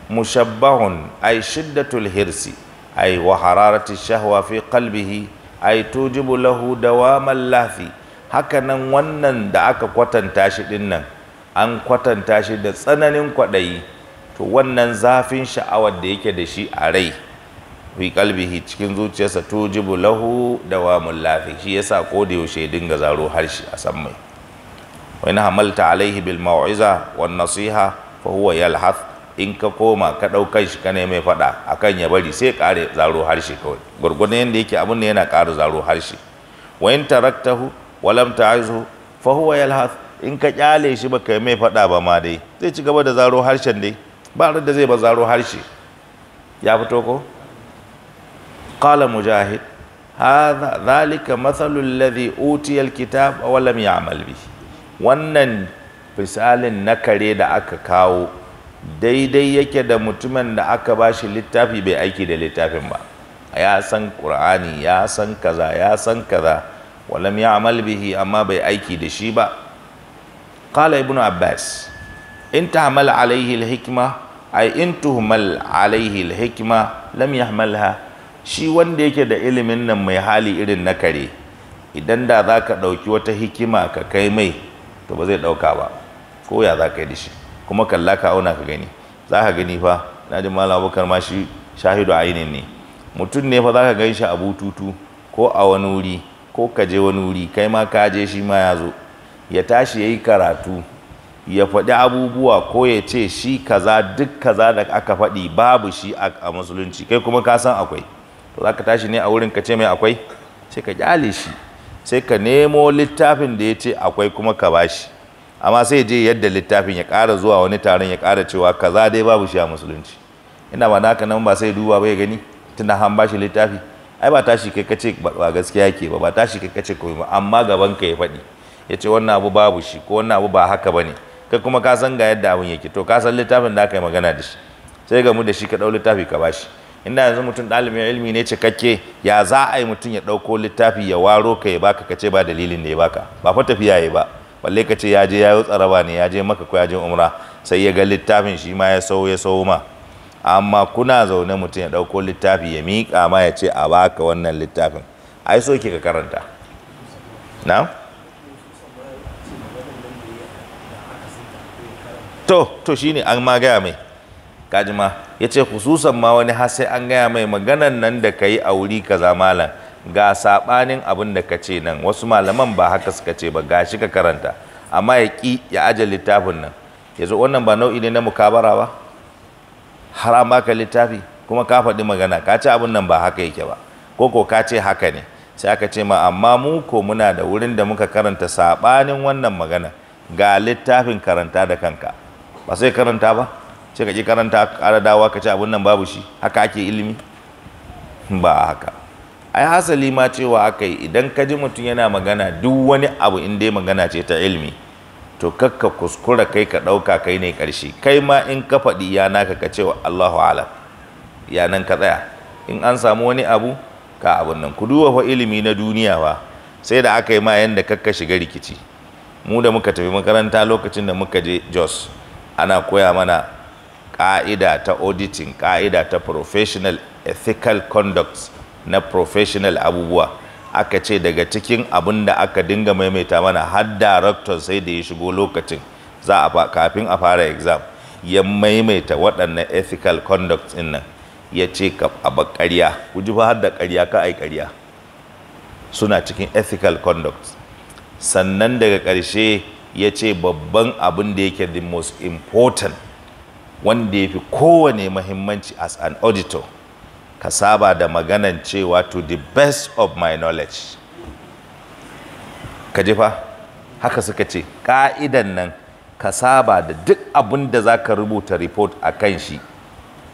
S1: mushabbahun ai shiddatul hirsi ai wa hararati shahwa fi qalbihi ai tujibu lahu dawamal lafi haka nan wannan da aka kwatanta shi dinnan an kwatanta shi da tsananin kwaɗayi to wannan zafin sha'awar da yake da shi a rai fi kalbihi cikin zuciyarsa jibu lahu wa lafi shi yasa ko da yaushe dinga zaro harshe a san mai wa in hamalta alaihi bil mau'iza wan nasiha fa huwa yalhath in ka koma ka daukar shi ka mai fada akan ya bari sai kare zaro harshe kawai gurgurdan yanda yake abun ne yana kare zaro harshe wa in taraktahu wa lam ta'izhu fa huwa yalhath in ka kyale shi baka mai fada ba ma dai zai ci gaba da zaro harshen dai ba da zai ba zaro harshe ya fito ko قال مجاهد هذا ذلك مثل الذي أوتي الكتاب ولم يعمل به wannan misalin na kare da aka kawo daidai yake da mutumin da aka ba shi littafi bai aiki da littafin ba ya san ƙur'ani ya san kaza ya san kaza walam ya amal bihi amma bai aiki da shi ba qala ibnu abbas in tahmal alaihi alhikma ay in tuhmal alaihi alhikma lam yahmalha shi wanda yake da ilimin nan mai hali irin na kare idan da za ka ɗauki wata hikima ka kai mai to ba zai ɗauka ba ko ya za ka yi da shi kuma kalla ka auna ka gani za ka gani fa na ji malam abubakar ma shi shahidu ainin ne mutum ne fa za ka gan shi a bututu ko a wani wuri ko ka je wani wuri kai ma ka je shi ma ya zo ya tashi ya yi karatu ya faɗi abubuwa ko ya ce shi kaza duk kaza da aka faɗi babu shi a musulunci kai kuma ka san akwai za ka tashi ne a wurin ka ce mai akwai sai ka kyale shi sai ka nemo littafin da ya ce akwai kuma ka bashi amma sai je yadda littafin ya ƙara zuwa wani taron ya ƙara cewa kaza dai babu shi a musulunci ina ba naka nan ba sai duba ba ya gani tunda han bashi littafi ai ba tashi kai kace ba gaskiya yake ba ba tashi kai kace ba amma gaban ka ya faɗi ya ce wannan abu babu shi ko wannan abu ba haka bane kai kuma ka san ga yadda abin yake to ka san littafin da aka yi magana da shi sai ga mu da shi ka ɗau littafi ka ba shi. inda yanzu mutum ɗalibin ilimi ne cikakke ya za a yi mutum ya ɗauko littafi ya waro ka ya baka kace ba dalilin da ya baka ba fa tafiya ya ba balle ka ce ya je ya tsaraba ne ya je maka ko ya je umra sai ya ga littafin shi ma ya sau ya sau ma amma kuna zaune mutum ya ɗauko littafi ya mika ma ya ce a baka wannan littafin ai so ki ka karanta na to to shine an ma gaya mai kajima ma ce hususan ma wani har sai an gaya mai maganan nan da ka yi a wuri kaza malam ga sabanin abin da ka ce nan wasu malaman ba haka suka ce ba ga shi ka karanta amma ya ki ya aje littafin nan yazo wannan ba nau'i ne na mukabara ba har an baka littafi kuma ka faɗi magana ka ce abin nan ba haka yake ba ko ko ka ce haka ne sai aka ce ma amma mu ko muna da wurin da muka karanta sabanin wannan magana ga littafin karanta da kanka ba sai karanta ba sai ka je karanta ƙara dawa ka ci abin nan babu shi haka ake ilimi ba haka ai hasali ma cewa aka yi idan ka ji mutum yana magana duk wani abu in dai magana ce ta ilimi to kakka kuskura kai ka ɗauka kai ne ƙarshe kai ma in ka faɗi ya naka ka cewa Allahu alam ya nan ka tsaya in an samu wani abu ka abin nan ku duba fa ilimi na duniya ba sai da aka yi ma yanda kakka shiga rikici mu da muka tafi makaranta lokacin da muka je Jos ana koya mana ƙa'ida ta auditing ƙa'ida ta professional ethical conduct na professional abubuwa aka ce daga cikin abin da aka dinga maimaita mana har director sai da ya shigo lokacin za a kafin a fara exam ya maimaita waɗannan ethical conduct ɗin nan ya ce ka ƙarya ku ji fa har da ƙarya ka ai ƙarya suna cikin ethical conduct sannan daga ƙarshe ya ce babban abin da yake the most important wanda ya fi kowane mahimmanci as an auditor ka saba da maganan cewa to the best of my knowledge ka jefa haka suka ce ka'idan nan ka saba da duk abin da za ka rubuta report a kan shi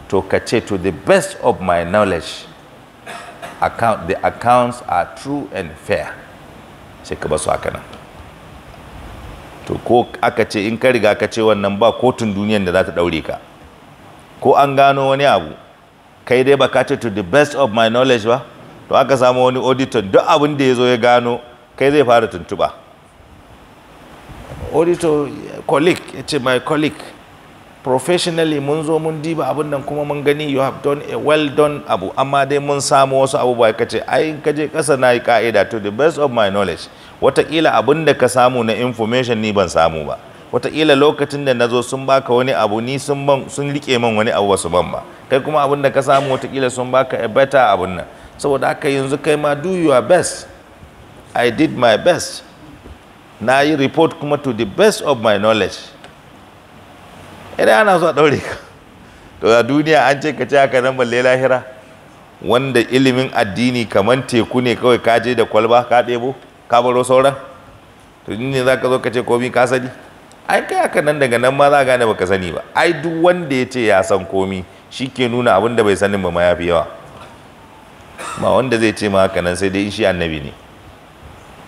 S1: to ka ce to the best of my knowledge account, the accounts are true and fair sai ka basu haka nan to ko aka ce in ka riga ka ce wannan ba kotun duniyan da za ta daure ka ko an gano wani abu kai dai ba ka ce to the best of my knowledge ba to aka samu wani auditor duk abin da ya zo ya gano kai zai fara tuntuba auditor colleague ya ce my colleague professionally mun zo mun diba abin nan kuma mun gani you have done a well done abu amma dai mun samu wasu abubuwa ka ce ai in ka je kasa na yi ka'ida to the best of my knowledge watakila abin da ka samu na information ni ban samu ba watakila lokacin da nazo sun baka wani abu ni sun ban sun rike man wani abu wasu ban ba kai kuma abin da ka samu watakila sun baka a better abin nan saboda haka yanzu kai ma do your best i did my best na yi report kuma to the best of my knowledge idan ana so a daure ka to a duniya an ce ka ce haka nan balle lahira wanda ilimin addini kamar teku ne kawai ka je da kwalba ka ɗebo ka baro sauran to ne za ka zo ka ce komi ka sani ai kai haka nan daga nan ma za a gane baka sani ba ai duk wanda ya ce ya san komi shi ke nuna abin da bai sanin ba ma ya fi yawa ma wanda zai ce ma haka nan sai dai shi annabi ne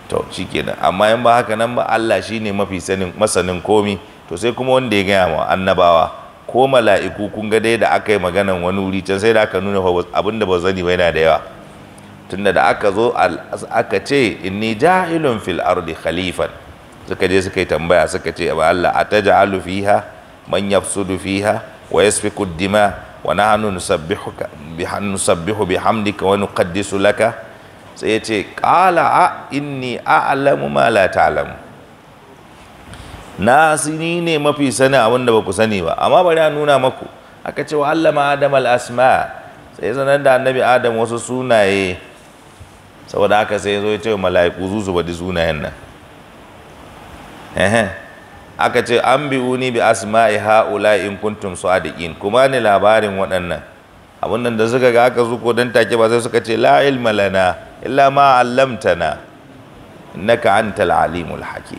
S1: to shi ke nan amma in ba haka nan ba Allah shi ne mafi sanin masanin komi to sai kuma wanda ya gaya ma annabawa ko mala'iku kun ga dai da aka yi maganan wani wuri can sai da aka nuna abin da ba zani ba yana da yawa tunda da aka zo aka ce inni ja'ilun fil ardi khalifan suka je suka yi tambaya suka ce ba Allah ataj'alu fiha man yafsudu fiha wa yasfiku dima wa nahnu nusabbihuka nusabbihu bihamdika wa nuqaddisu laka sai ya ce qala a inni a'lamu ma la ta'lamu na ne mafi sani abin da ba ku sani ba amma bari a nuna maku aka ce wa allama adam al-asma sai sanar da annabi adam wasu sunaye saboda haka sai zo ya ce mala'iku zu zuba di sunayen nan aka ce an bi uni bi asma'i ha'ula in kuntum sadiqin kuma ni labarin waɗannan abun nan da suka ga aka zuko dan take ba sai suka ce la ilma lana illa ma 'allamtana innaka antal alimul hakim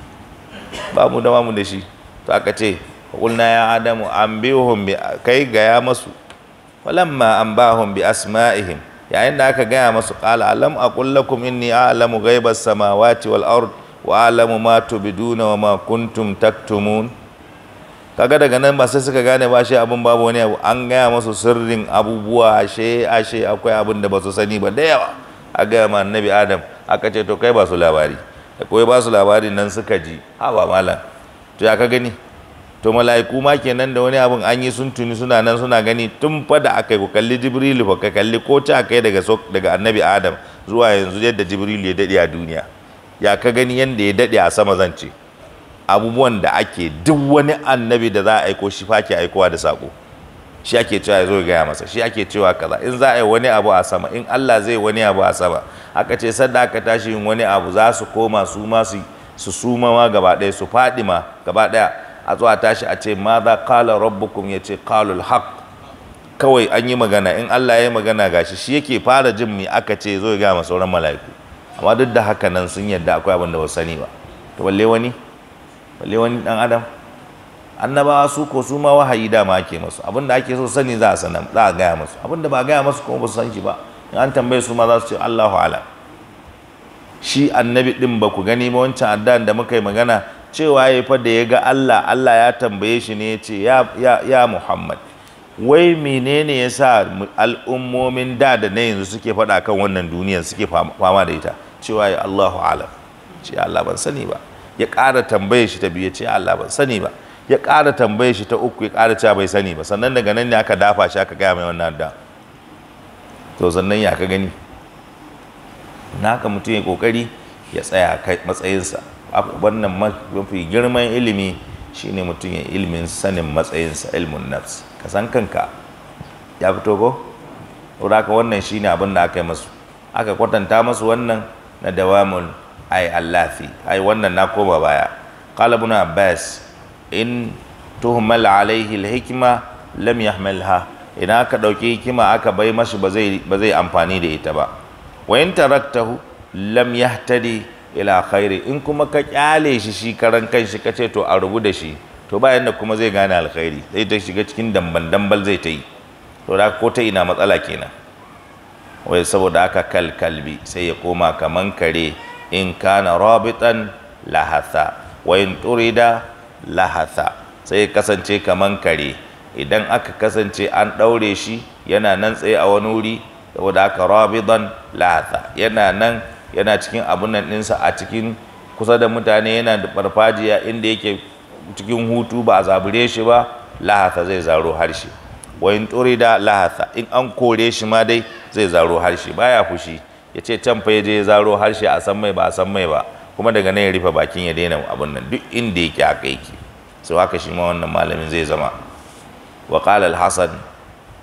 S1: ba mu da mu da shi to aka ce qulna ya adamu an bi kai ga ya masu walamma an bi asma'ihim yayin da aka gaya masu qala alam aqul lakum inni a'lamu ghaibas samawati wal ard wa a'lamu ma biduna wa ma kuntum taktumun kaga daga nan ba sai suka gane ba shi abin babu wani abu an gaya masu sirrin abubuwa ashe ashe akwai abin da ba su sani ba da yawa a gaya ma annabi adam aka ce to kai ba su labari da ba su labarin nan suka ji ha ba malam to ya ka gani to mala'iku ma kenan da wani abin an yi sun tuni suna nan suna gani tun fada da aka ku kalli jibrilu ba ka kalli ko ta kai daga daga annabi adam zuwa yanzu yadda jibrilu ya dade a duniya ya ka gani yadda ya dade a sama zan ce abubuwan da ake duk wani annabi da za a aiko shi fa ke aikowa da sako shi ake cewa ya zo gaya masa shi ake cewa kaza in za a yi wani abu a sama in Allah zai wani abu a sama aka ce sanda aka tashi yin wani abu za su koma su ma su suma ma gaba ɗaya su faɗi ma gaba ɗaya a zuwa tashi a ce ma za kala rabbukum ya ce kalul haq kawai an yi magana in Allah ya yi magana gashi shi yake fara jin mi aka ce zo ga ma sauran mala'iku amma duk da haka nan sun yadda akwai abin da ba sani ba to balle wani balle wani dan adam annabawa su ko su ma wahayi dama ake masu abin da ake so sani za a sanar za a gaya masu abin da ba gaya masu kuma ba su san shi ba in an tambaye su ma za su ce Allahu a'lam shi annabi din ba ku gani ba wancan addan da muka yi magana cewa ya fa da ya ga Allah Allah ya tambaye shi ne ya ce ya Muhammad wai menene ya sa al'ummomin da da na yanzu suke faɗa kan wannan duniyar suke fama da ita cewa ya Allahu alam ce Allah ban sani ba ya ƙara tambaye shi ta biyu ya ce Allah ban sani ba ya ƙara tambaye shi ta uku ya ƙara cewa bai sani ba sannan daga nan ne aka dafa shi aka gaya mai wannan da to sannan ya ka gani naka mutum ya kokari ya tsaya matsayinsa wannan mafi girman ilimi shine mutum ya ilimin sanin matsayinsa ilimin nafs ka san kanka ya fito ko saboda wannan shine abin da aka yi masu aka kwatanta masu wannan na dawamul ai allafi ai wannan na koma baya qala ibn abbas in tuhmal alaihi hikima lam yahmalha Ina aka dauki hikima aka bai mashi ba zai amfani da ita ba wa in taraktahu lam yahtadi ila khairi in kuma ka kyale shi shi karan kanshi kace to a rubu da shi to bayan da kuma zai gane alkhairi zai ta shiga cikin damban dambal zai ta yi to da ko ta ina matsala kenan wai saboda haka kal kalbi sai ya koma kaman kare in kana rabitan lahasa wa in turida lahasa sai kasance kaman kare idan aka kasance an daure shi yana nan tsaye a wani wuri saboda haka rabidan lahasa yana nan yana cikin abun nan ɗinsa a cikin kusa da mutane yana da farfajiya inda yake cikin hutu ba a zabure shi ba lahatha zai zaro harshe wayin in da lahatha in an kore shi ma dai zai zaro harshe baya fushi ya ce can fa je ya zaro harshe a san mai ba a san mai ba kuma daga nan ya rufe bakin ya daina abun nan duk inda yake haka yake so haka shi ma wannan malamin zai zama wa qala al-hasan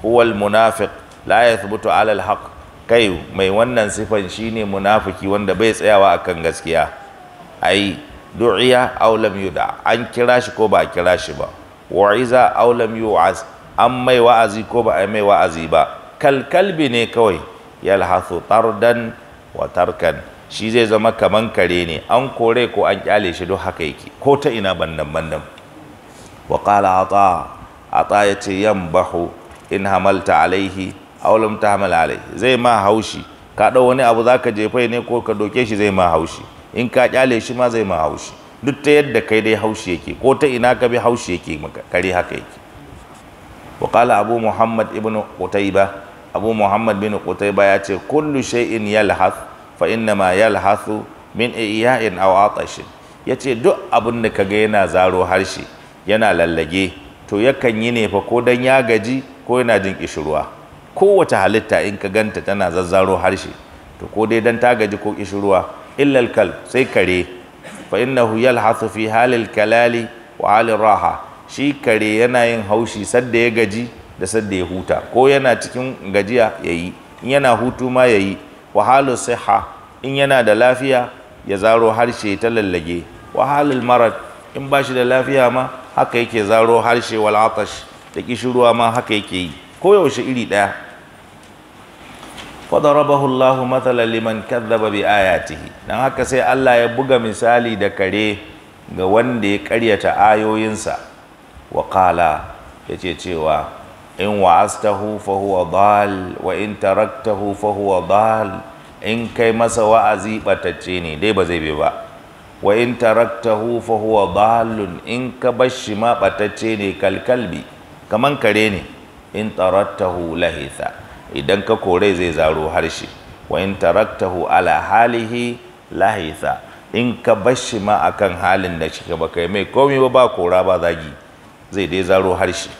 S1: huwa al-munafiq la yathbutu ala al-haqq kai mai wannan sifan shine munafuki wanda bai tsayawa akan gaskiya ai du'iya aw lam yud'a an kira shi ko ba a kira shi ba wa'iza aw lam yu'az an mai wa'azi ko ba a mai wa'azi ba kalkalbi ne kawai yalhathu tardan wa tarkan shi zai zama kaman kare ne an kore ko an kyale shi duk haka yake ko ta ina bandan bandan wa qala ata ata yace yambahu in hamalta alaihi a awalam tahmal alai zai ma haushi ka ɗau wani abu za ka jefai ne ko ka doke shi zai ma haushi in ka ƙyale shi ma zai ma haushi duk ta yadda kai dai haushi yake ko ta ina ka bi haushi yake maka kare haka yake wa abu muhammad ibnu qutayba abu muhammad bin qutayba ya ce kullu shay'in yalhath fa inna ma yalhathu min iya'in aw ya ce duk abin da ka ga yana zaro harshe yana lallage to yakan yi ne fa ko dan ya gaji ko yana jin kishirwa kowace halitta in ka ganta tana zazzaro harshe to ko dai dan ta gaji ko kishiruwa illal kal sai kare fa innahu yalhasu fi halil kalali wa halin raha shi kare yana yin haushi sadda ya gaji da sadda ya huta ko yana cikin gajiya yayi in yana hutu ma yayi wa halu siha in yana da lafiya ya zaro harshe ta lallage wa halil marad in ba shi da lafiya ma haka yake zaro harshe wal atash da kishiruwa ma haka yake yi koyaushe iri ɗaya fadarabahu Allah mathalan liman kadhaba bi ayatihi dan haka sai Allah ya buga misali da kare ga wanda ya karyata ayoyinsa wa qala yace cewa in wa'astahu fa huwa dal wa in taraktahu fa huwa dal in kai masa wa'azi batacce ne dai ba zai bi ba wa in taraktahu fa huwa dalun in ka bashi ma batacce ne kalkalbi kaman kare ne in tarattahu lahitha idan ka kore zai zaro harshe wa in taraktahu ala halihi lahitha in ka bashi ma akan halin da kika baka yi mai komai ba ba kora ba zagi zai dai zaro harshe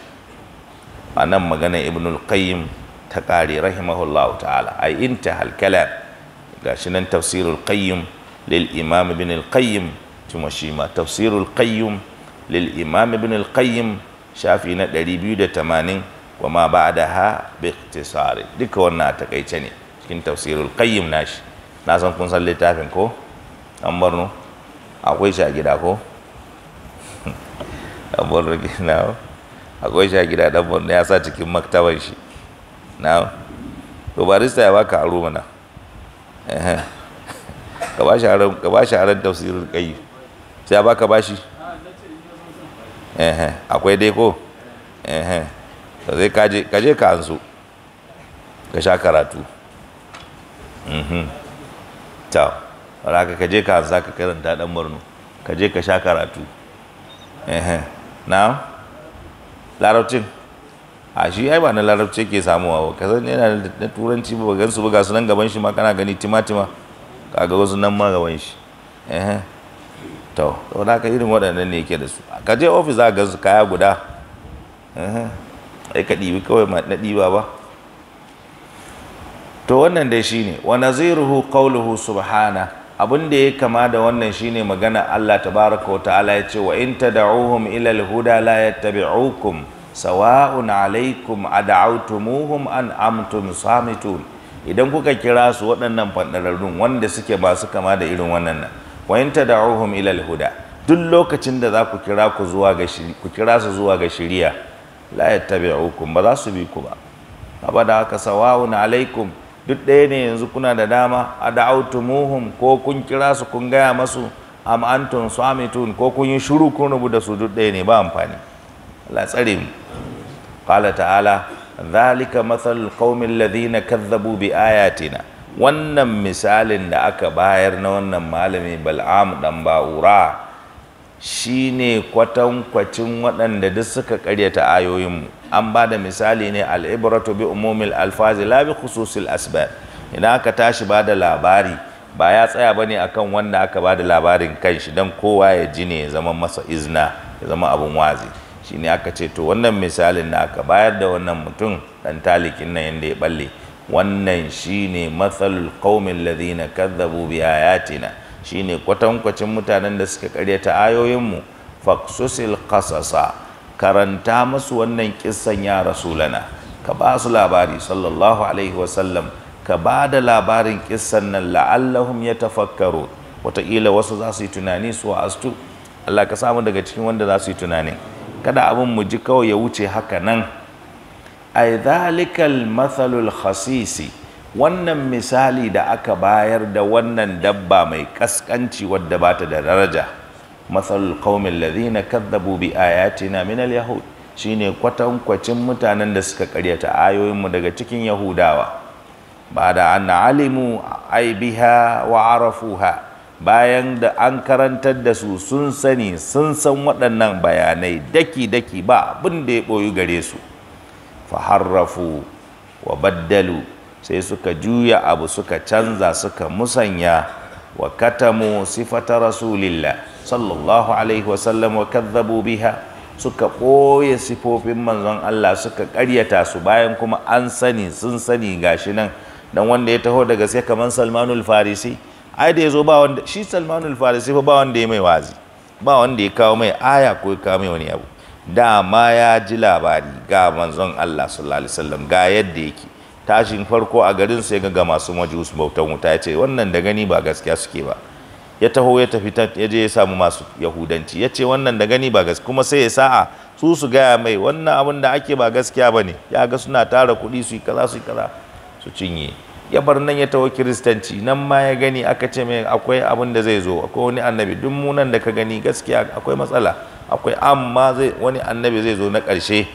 S1: a nan magana ibnul qayyim ta kare rahimahullahu ta'ala ai intahal halkala gashi nan tafsirul qayyim lil imam ibn al qayyim kuma shi ma tafsirul qayyim lil imam ibn al qayyim shafi na 280 wa ma da bi ikhtisari duka wannan a takaice ne cikin tafsirul qayyim nashi na san kun san littafin ko an barno akwai shi a gida ko an barno na akwai shi a gida dan barno ya sa cikin maktaban shi na to barista ya baka aro mana ka ba shi aron ka ba shi aron tafsirul qayyim sai ya baka bashi eh akwai dai ko eh zai kaje ka ansu ka sha karatu mhm ta raka kaje ka ansa ka karanta dan murnu kaje ka sha karatu eh na larabcin a shi ai ba na larabci ke samuwa ba ka yana na turanci ba gansu ba gasu su nan gaban shi ma kana gani timatima ga wasu nan ma gaban shi eh to saboda haka irin waɗannan ne yake da su ka je ofis za ka gansu kaya guda eh ai ka ɗibi kawai ma na ɗiba ba to wannan dai shine wa naziruhu qawluhu subhana abin da ya kama da wannan shine magana Allah tabaraka wa ta'ala ya ce wa in tad'uhum ila al-huda la yattabi'ukum sawa'un alaikum ad'awtumuhum an amtum samitun idan kuka kira su waɗannan fadararrun wanda suke ba su kama da irin wannan nan wa in tad'uhum ila al-huda duk lokacin da za ku kira su zuwa ga shari'a la hukum ba za su bi ku ba abada haka sawawun alaikum duk ɗaya ne yanzu kuna da dama a tumuhun ko kun kira su kun gaya masu ma'antun su ko kun yi shiru kun da su duk ɗaya ne ba amfani Allah tsare mu qala ta'ala zalika mathalul qaumil ladhina kazzabu bi ayatina wannan misalin da aka bayar na wannan malami bal'am dan ba'ura shine kwatankwacin waɗanda duk suka ayoyin ayoyinmu an ba da misali ne al'ibratu bi umumil alfazi labi khususil asbar idan aka tashi ba da labari ba ya tsaya ba ne akan wanda aka ba da labarin kanshi don kowa ya ji ne ya zama masa izna ya zama abin wazi ne aka ce to wannan misalin na aka bayar da wannan mutum ɗan talikin nan yadda ya balle wannan shi shine matsalul qaumin ladhina kadzabu bi ayatina shine kwatankwacin mutanen da suka karyata ayoyinmu faksusil kasasa karanta musu wannan kissan ya rasulana ka ba su labari sallallahu alaihi wasallam ka ba da labarin kissan nan la'allahum ya tafakkaru wataƙila wasu za su yi tunani su astu Allah ka samu daga cikin wanda za su yi tunani kada abin mu ji kawai ya wuce haka nan ai dhalikal mathalul khasisi wannan misali da aka bayar da wannan dabba mai kaskanci wadda ba ta da daraja matsalul qaumin ladhina kadzabu bi ayatina min al-yahud shine kwatankwacin mutanen da suka karyata ayoyinmu daga cikin yahudawa ba da an alimu aibiha wa arafuha bayan da an karantar da su sun sani sun san waɗannan bayanai daki-daki ba abin da ya ɓoyi gare su fa faharrafu wa baddalu sai suka juya abu suka canza suka musanya wa katamu sifata rasulillah sallallahu alaihi wasallam wa kadhabu biha suka ɓoye sifofin manzon Allah suka ƙaryata su bayan kuma an sani sun sani gashi nan dan wanda ya taho daga sai kamar Salmanul Farisi ai da yazo ba wanda shi Salmanul Farisi fa ba wanda ya mai wazi ba wanda ya kawo mai aya ko ya kawo mai wani abu da ma ya ji labari ga manzon Allah sallallahu alaihi wasallam ga yadda yake tashin farko a garin sai ga masu majus bautan wuta ya ce wannan da gani ba gaskiya suke ba ya taho ya tafi ya je ya samu masu yahudanci ya ce wannan da gani ba gaskiya kuma sai ya sa'a su su gaya mai wannan abin da ake ba gaskiya ba ne ya ga suna tara kuɗi su yi kaza su yi kaza su cinye ya bar nan ya taho kiristanci nan ma ya gani aka ce mai akwai abin da zai zo akwai wani annabi duk munan da ka gani gaskiya akwai matsala akwai amma wani annabi zai zo na karshe.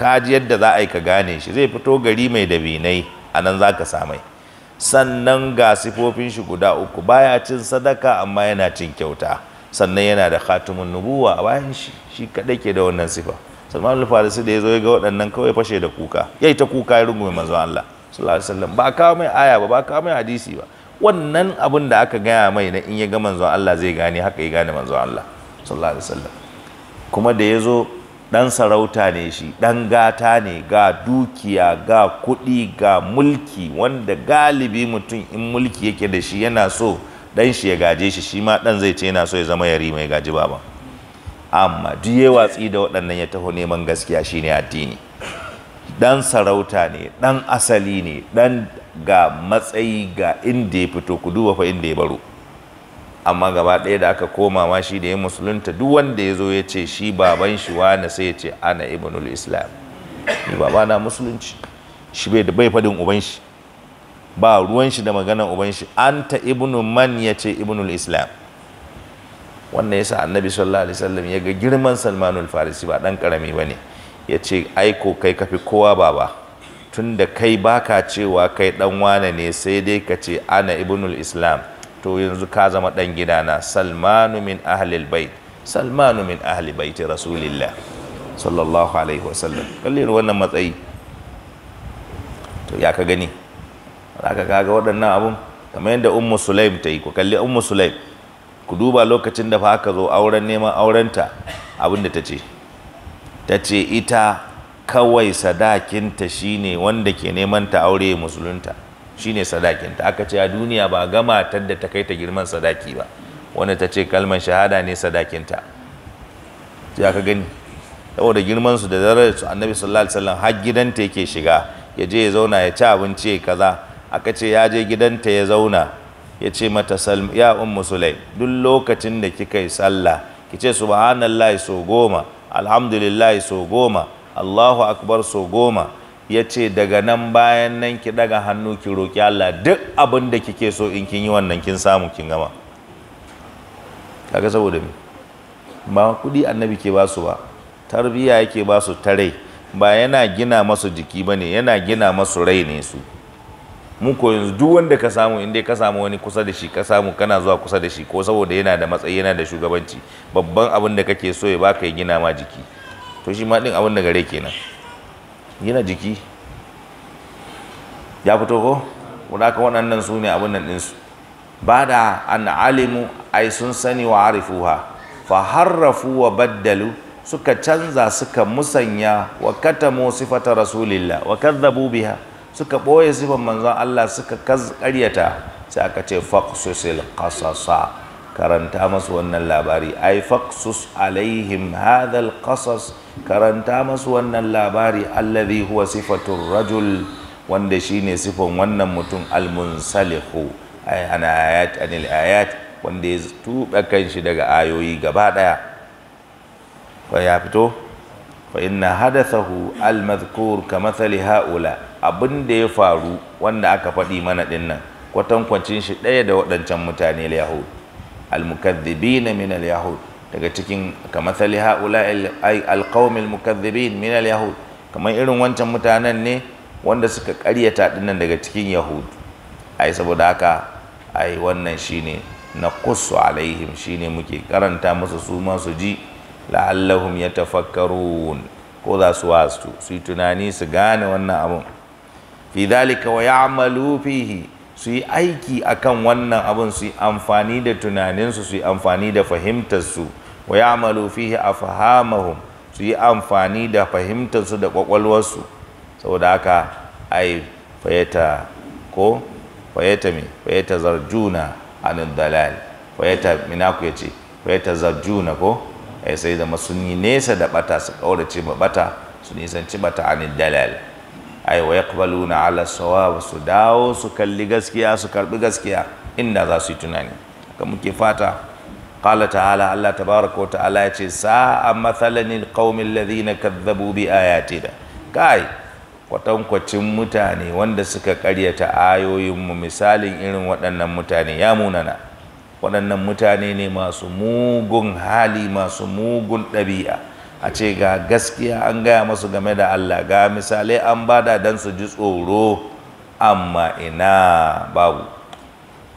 S1: kaji yadda za a yi ka gane shi zai fito gari mai dabinai a nan za ka samai sannan ga sifofin shi guda uku baya cin sadaka amma yana cin kyauta sannan yana da khatimun nubuwa a bayan shi shi kaɗai ke da wannan sifa salman al da ya zo ya ga waɗannan kawai fashe da kuka yayi ta kuka ya rungume manzon Allah sallallahu alaihi wasallam ba kawo mai aya ba ba kawo mai hadisi ba wannan abin da aka gaya mai na in ya ga manzon Allah zai gane haka ya gane manzon Allah sallallahu alaihi wasallam kuma da ya zo ɗan sarauta ne shi ɗan gata ne ga dukiya ga kuɗi ga mulki wanda galibi mutum in mulki yake da shi yana so ɗan shi ya gaje shi shi ma ɗan zai ce yana so ya zama yari mai gaji baba amma duk ya watsi da waɗannan ya taho neman gaskiya shine addini ɗan sarauta ne ɗan asali ne ɗan ga matsayi ga inda ya fito ku duba fa inda ya baro amma gaba ɗaya da aka koma ma shi da ya musulunta duk wanda ya zo ya ce shi baban shi wani sai ya ce ana ibnul islam ni baba na musulunci shi bai da bai fadin uban shi ba ruwan shi da maganan uban shi anta ibnu man ya ce ibnul islam wannan yasa annabi sallallahu alaihi wasallam ya ga girman salmanul farisi ba dan karami bane ya ce aiko kai kafi kowa baba tunda kai baka cewa kai dan wane ne sai dai ka ce ana ibnul islam to yanzu ka zama dan gidana salmanu min ahlil bait salmanu min ahli baiti rasulillah sallallahu alaihi wasallam kalli wannan matsayi to ya ka gani zaka kaga waɗannan abun kamar yadda ummu sulaim ta yi ku kalli ummu sulaim ku duba lokacin da fa aka zo auren neman aurenta abin da ta ce ta ce ita kawai sadakinta shine wanda ke neman ta aure musulunta shine sadakinta aka ce a duniya ba ga matar da ta kai ta girman sadaki ba wanda ta ce kalmar shahada ne sadakinta ya aka gani saboda girman su da zarar su annabi sallallahu alaihi wasallam har gidanta yake shiga ya je ya zauna ya ci abinci ya kaza aka ce ya je gidanta ya zauna ya ce mata ya ummu sulaim duk lokacin da kika yi sallah ki ce subhanallahi so goma alhamdulillahi so goma allahu akbar so goma ya ce daga nan bayan nan ki daga hannu ki roƙi Allah duk abin da kike so in kin yi wannan kin samu kin gama kaga saboda me ba kuɗi annabi ke ba su ba tarbiyya yake ba su tare ba yana gina masu jiki ba ne yana gina masu rai ne su mu ko yanzu duk wanda ka samu in dai ka samu wani kusa da shi ka samu kana zuwa kusa da shi ko saboda yana da matsayi yana da shugabanci babban abin da kake so ya baka ya gina ma jiki to shi ma din abin da gare kenan yana jiki ya fito ko aka waɗannan su ne abinnan ɗinsu ba da an alimu ai sun sani wa arifuha fa harrafu wa baddalu suka canza suka musanya wa katamu sifata rasulillah wa kadzabu biha suka ɓoye sifan manzon Allah suka karyata sai aka ce faqsusil qasasa karanta masu wannan labari ai faqsus alaihim hadhal qasas karanta masu wannan labari alladhi huwa sifatur rajul wanda shine sifan wannan mutum almunsalihu ai ana ayat anil ayat wanda ya tuba kanshi daga ayoyi gaba daya fa ya fito fa inna hadathahu almadhkur kamathali haula abin da ya faru wanda aka faɗi mana dinnan kwatankwacin shi ɗaya da waɗancan mutane yahudi al-mukaththibin min al-yahud daga cikin kamar thali haula al-qaum al-mukaththibin min al-yahud kamar irin wancan mutanen ne wanda suka karyata dinnan daga cikin yahud ai saboda haka ai wannan shine na qussu alaihim shine muke karanta musu su ma su ji la'allahum yatafakkarun ko za su wasu su yi tunani su gane wannan abun fi dhalika wa ya'malu fihi su yi aiki a kan wannan abin su yi amfani da tunaninsu su yi amfani da fahimtarsu wa ya'malu a afhamahum su yi amfani da fahimtarsu da kwakwalwarsu saboda haka ai fayata ko fayata mai fayata zarjuna nan dalal fayata minaku ce fayata zarjuna ko ai sai da masunni nesa da bata su kaurace ma bata su nisanci bata anil dalal ay wa yaqbaluna ala sawab su dawo su kalli gaskiya su karbi gaskiya inda za su yi tunani ka muke fata qala ta'ala Allah tabaraka wa ta'ala ce, sa'a mathalan alqaumi alladhina kadhabu bi ayatina kai kwatankwacin mutane wanda suka karyata ayoyinmu misalin irin waɗannan mutane ya munana waɗannan mutane ne masu mugun hali masu mugun ɗabi'a a ce ga gaskiya an gaya masu game da Allah ga misalai an bada don su ji tsoro amma ina babu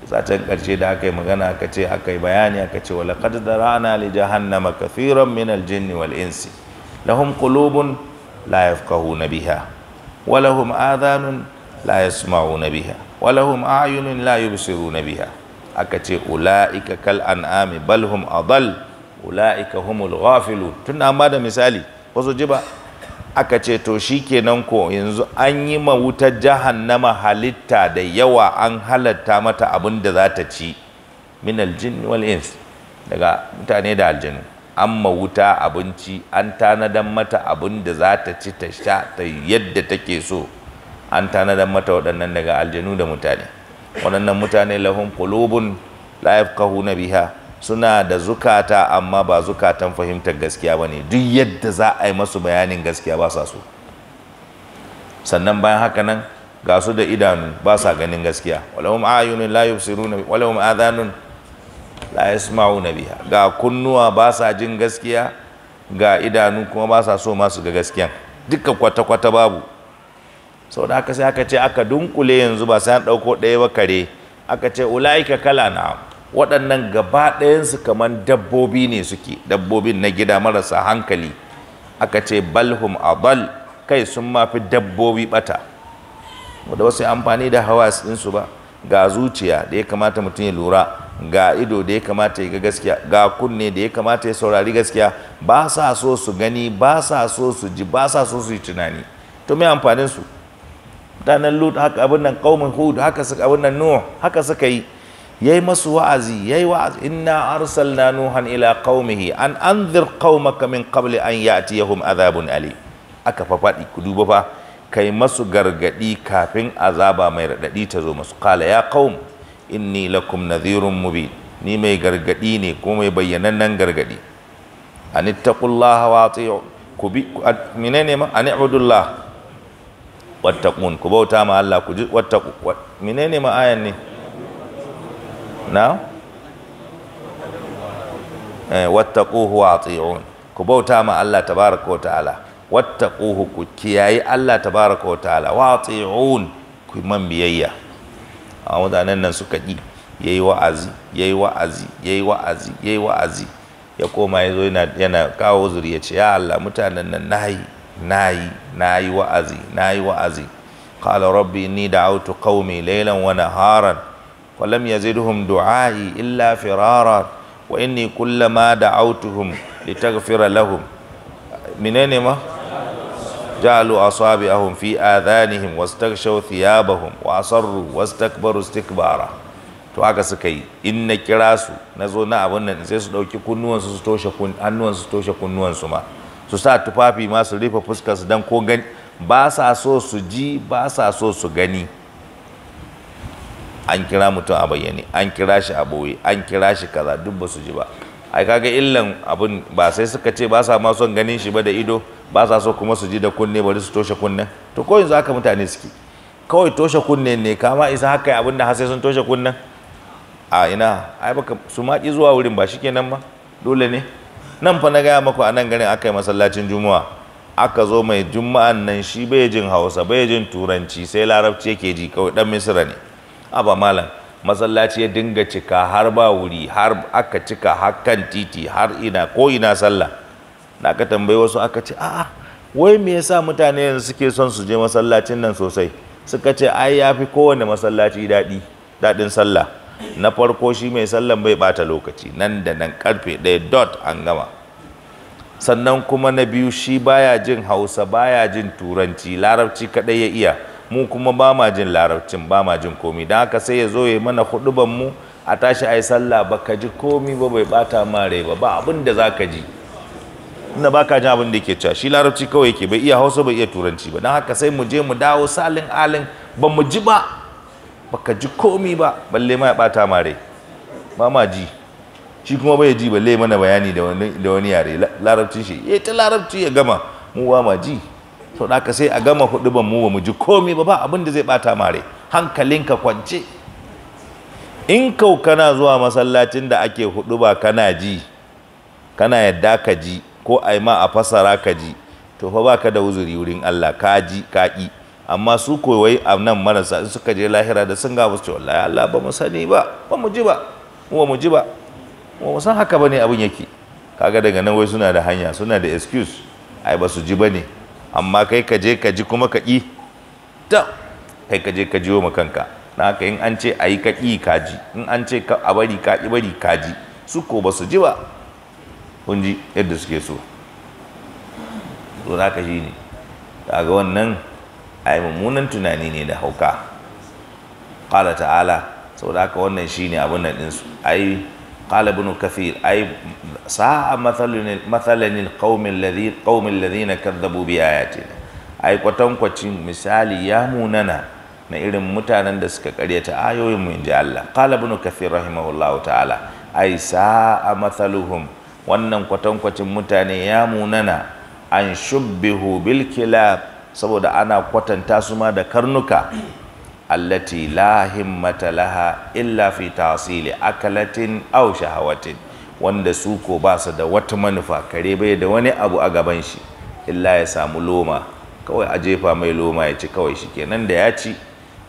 S1: zaten karshe da aka yi magana aka ce aka yi bayani aka ce wa laqad darana li jahannama kathiran min al-jinn wal insi lahum qulubun la yafqahuna biha wa lahum adhanun la yasma'una biha wa lahum a'yunun la yubsiruna biha aka ce ulaika kal an'ami bal hum adall ula'ika humul ghafilu tun an ba da misali wasu ji ba aka ce to shikenan ko yanzu an yi ma wutar na halitta da yawa an halatta mata abin da za ta ci min aljin wal ins daga mutane da aljinu an ma wuta abinci an tanadan mata abin da za ta ci ta sha ta yadda take so an tanadan mata waɗannan daga aljanu da mutane waɗannan mutane lahum qulubun la yafqahuna biha suna da zukata amma ba zukatan fahimtar gaskiya ba ne duk yadda za a yi masu bayanin gaskiya ba sa so sannan bayan haka nan ga su da idanu ba sa ganin gaskiya walahum ayunun na yubsiruna na biya ga kunnuwa ba sa jin gaskiya ga idanu kuma ba sa so masu ga gaskiya. duka kwata-kwata babu sau da aka sai aka ce aka dunkule yanzu ba sai an ɗauko ɗaya ba kare aka ce ula'ika kala na'am waɗannan gaba ɗayansu kamar dabbobi ne suke dabbobin na gida marasa hankali aka ce balhum abal kai sun mafi dabbobi ɓata da wasu amfani da hawa su ba ga zuciya da ya kamata mutum ya lura ga ido da ya kamata ya ga gaskiya ga kunne da ya kamata ya saurari gaskiya ba sa so su gani ba sa so su ji ba sa so su yi tunani to me amfanin su danan lut haka abin nan qaumin hud haka suka abin nan nuh haka suka yi yayi masu wa'azi yayi wa'azi inna arsalna nuhan ila qaumihi an anzir qaumaka min qabli an ya'tiyahum adhabun ali aka fa faɗi ku duba fa kai masu gargadi kafin azaba mai radadi ta zo masu qala ya qaum inni lakum nadhirun mubin ni mai gargadi ne kuma mai bayyanannen gargadi anittaqullaha wa atiyu ku bi minene ma anibudullah wattaqun ku bauta ma Allah ku ji wattaqu minene ma ayan ne na eh, wattaquhu wa ku bauta ma Allah tabaraka wa ta'ala wattaquhu ku kiyaye Allah tabaraka wa ta'ala wa ku man biyayya a mutanen nan suka yi yayi wa'azi yayi wa'azi yayi wa'azi yayi wa'azi ya koma ya zo yana kawo zuri ya ce ya Allah mutanen nan nayi nayi nayi wa'azi nayi wa'azi qala rabbi inni da'awtu qaumi laylan wa naharan ولم يزدهم دعائي إلا فرارا وإني كلما دعوتهم لتغفر لهم منين ما جعلوا أصابعهم في آذانهم واستغشوا ثيابهم وأصروا واستكبروا استكبارا to haka suka yi in na kira su na zo na abin nan sai su ɗauki kunnuwansu su toshe hannuwansu su toshe kunnuwansu ma su sa tufafi ma su rufe fuskarsu don ko gani ba sa so su ji ba sa so su gani an kira mutum a bayyane an kira shi a boye an kira shi kaza duk ba su ji ba ai kaga illan abun ba sai suka ce ba sa ma son ganin shi ba da ido ba sa so kuma su ji da kunne bari su toshe kunnen to ko yanzu haka mutane suke kawai toshe kunne ne kama isa haka abin da sai sun toshe kunnen a ina ai baka su ma ki zuwa wurin ba shikenan ma dole ne nan fa na gaya maku a nan garin aka masallacin juma'a aka zo mai juma'an nan shi bai jin hausa bai jin turanci sai larabci yake ji kawai dan misira ne aba malam masallaci ya dinga cika har ba wuri har aka cika hakan titi har ina ko ina sallah na ka tambayi wasu aka ce a'a wai me yasa mutane yanzu suke son su je masallacin nan sosai suka ce ai yafi fi kowane masallaci daɗi daɗin sallah na farko shi mai sallan bai bata lokaci nan da nan karfe ɗaya dot an gama sannan kuma na biyu shi baya jin hausa baya jin turanci larabci kaɗai ya iya mu kuma ba ma jin larabcin ba ma jin komi don haka sai ya zo ya mana huduban mu a tashi a yi sallah ba ka ji komi ba bai bata ma rai ba ba abin da za ka ji na ba ka jin abin da yake cewa shi larabci kawai yake bai iya hausa bai iya turanci ba don haka sai mu je mu dawo salin alin ba mu ji ba ba ka ji komi ba balle ma ya bata ma rai ba ma ji shi kuma bai ji balle mana bayani da wani yare larabci shi ya ta larabci ya gama mu ba ma ji to da sai a gama hudu ban mu ba mu ji komai ba ba abin da zai bata mare hankalinka kwance in kau kana zuwa masallacin da ake hudu ba kana ji kana yadda ka ji ko ai ma a fasara ka ji to fa baka da uzuri wurin Allah ka ji ka ki amma su koyi a nan marasa in suka je lahira da sun ga musu wallahi Allah ba mu sani ba ba mu ji ba mu ba mu ji ba mu san haka bane abin yake kaga daga nan wai suna da hanya suna da excuse ai ba su ji bane amma kai ka je ka ji kuma ka ƙi ta kai ka je ka jiwo ma kanka na haka in an ce a yi ka ƙi ka ji in an ce a bari ka ƙi bari ka ji su ko ba su ji ba kun ji yadda suke so to za ka shi ne ga wannan ai mummunan tunani ne da hauka ƙala ta'ala da haka wannan shi shine abin nan ɗinsu ai قال ابن كثير أي ساء مثلا مثلا القوم الذين قوم الذين كذبوا بآياتنا أي kwatankwacin misali ya munana na irin mutanen da suka karyata ayoyinmu mu inji Allah qala ibn kathir rahimahullahu ta'ala ai sa'a mathaluhum wannan kwatankwacin mutane ya munana an shubbihu bil saboda ana kwatanta su ma da karnuka allati la himmata laha illa fi tasili akalatin aw shahawatin wanda su ko ba su da wata manufa kare bai da wani abu a gaban shi illa ya samu loma kawai a jefa mai loma ya ci kawai shi kenan da ya ci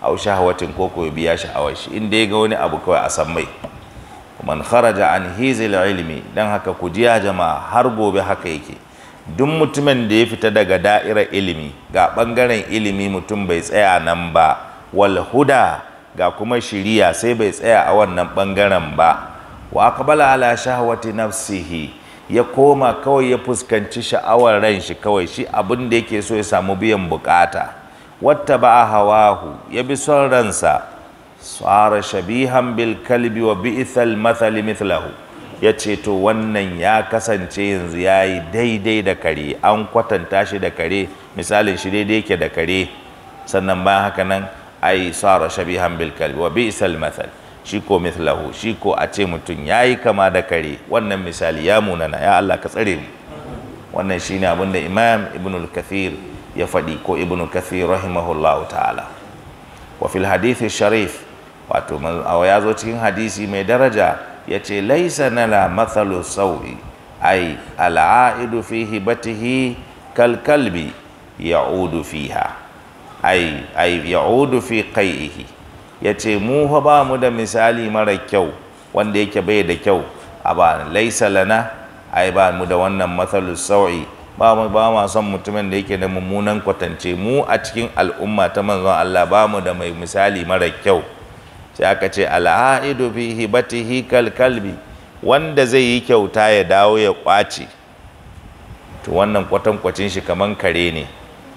S1: aw shahawatin ko ko biya a shi inda ya ga wani abu kawai a san mai man kharaja an hizil ilmi dan haka ku jiya jama'a har gobe haka yake duk mutumin da ya fita daga da'irar ilimi ga bangaren ilimi mutum bai tsaya nan ba Walhuda, ga kuma shiriya sai bai tsaya a wannan bangaren ba wa Bala ala shahwati nafsihi ya koma kawai ya fuskanci sha'awar ran shi kawai shi abin da yake so ya samu biyan bukata wata ba hawahu ya bi son ransa tsara shabihan bil kalbi wa ithal mathali mithlahu ya ce to wannan ya kasance yanzu ya yi daidai da kare an kwatanta shi da kare misalin shi daidai yake da kare sannan bayan haka nan ai sara shabihan bil kalbi wa bi'sal mathal Shiko mithlahu shi a ce mutum yayi kama da kare wannan misali ya munana ya Allah ka tsare mu wannan shine abin da Imam Ibn al-Kathir ya faɗi ko Ibn Kathir rahimahullahu ta'ala wa fil hadithi sharif wato ya zo cikin hadisi mai daraja ya ce laisa nala mathalu sauri ai al'aidu fi hibatihi kalkalbi ya'udu fiha ai ai ya'udu fi qai'ihi yace mu fa ba mu da misali mara kyau wanda yake bai da kyau a ba laisa lana ai ba mu da wannan mathalus sau'i ba mu ba ma son mutumin da yake da mummunan kwatance mu a cikin al'umma ta manzon Allah ba mu da mai misali mara kyau sai aka ce al'aidu fi hibatihi kal kalbi wanda zai yi kyauta ya dawo ya kwace to wannan kwatankwacin shi kaman kare ne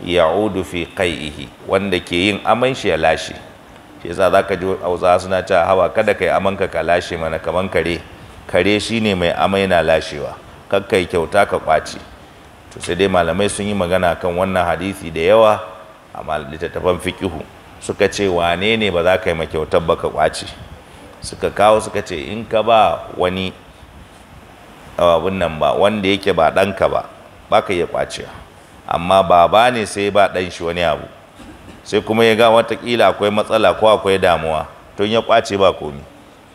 S1: Yahudu fi ihi wanda ke yin aman shi ya lashe shi yasa zaka ji auza suna cewa hawa kada kai aman ka ka lashe mana kaman kare kare shine mai amai na lashewa kakkai kyauta ka kwace. to sai dai malamai sun yi magana kan wannan hadisi da yawa a littattafan fiqihu suka ce wane ne ba za ka yi makyautar ba ka kwace? suka kawo suka ce in ka ba wani abin nan ba wanda yake ba ɗanka ba ba ka iya kwaciya amma baba ne sai ba ɗan shi wani abu sai kuma ya ga watakila akwai matsala ko akwai damuwa tun ya kwace ba komi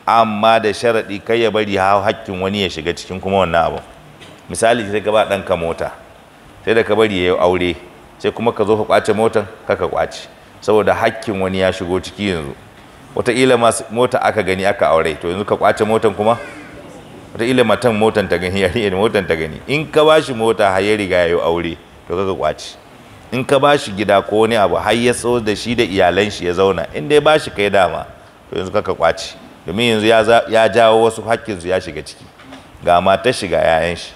S1: amma da sharaɗi kai ya bari hau hakkin wani ya shiga cikin kuma wannan abu misali sai ka ba ɗanka mota sai da ka bari ya yi aure sai kuma ka zo ka kwace motan kaka kwace saboda hakkin wani ya shigo ciki yanzu wataƙila masu mota aka gani aka aure to yanzu ka kwace motan kuma wataƙila matan motan ta gani yarinyar motan ta gani in ka ba shi mota har ya riga ya yi aure to kaga kwaci in ka ba shi gida ko wani abu har ya so da shi da iyalan shi ya zauna in dai ba shi kai dama to yanzu kaka kwaci domin yanzu ya jawo wasu hakkin su ya shiga ciki ga mata shiga 'ya'yan shi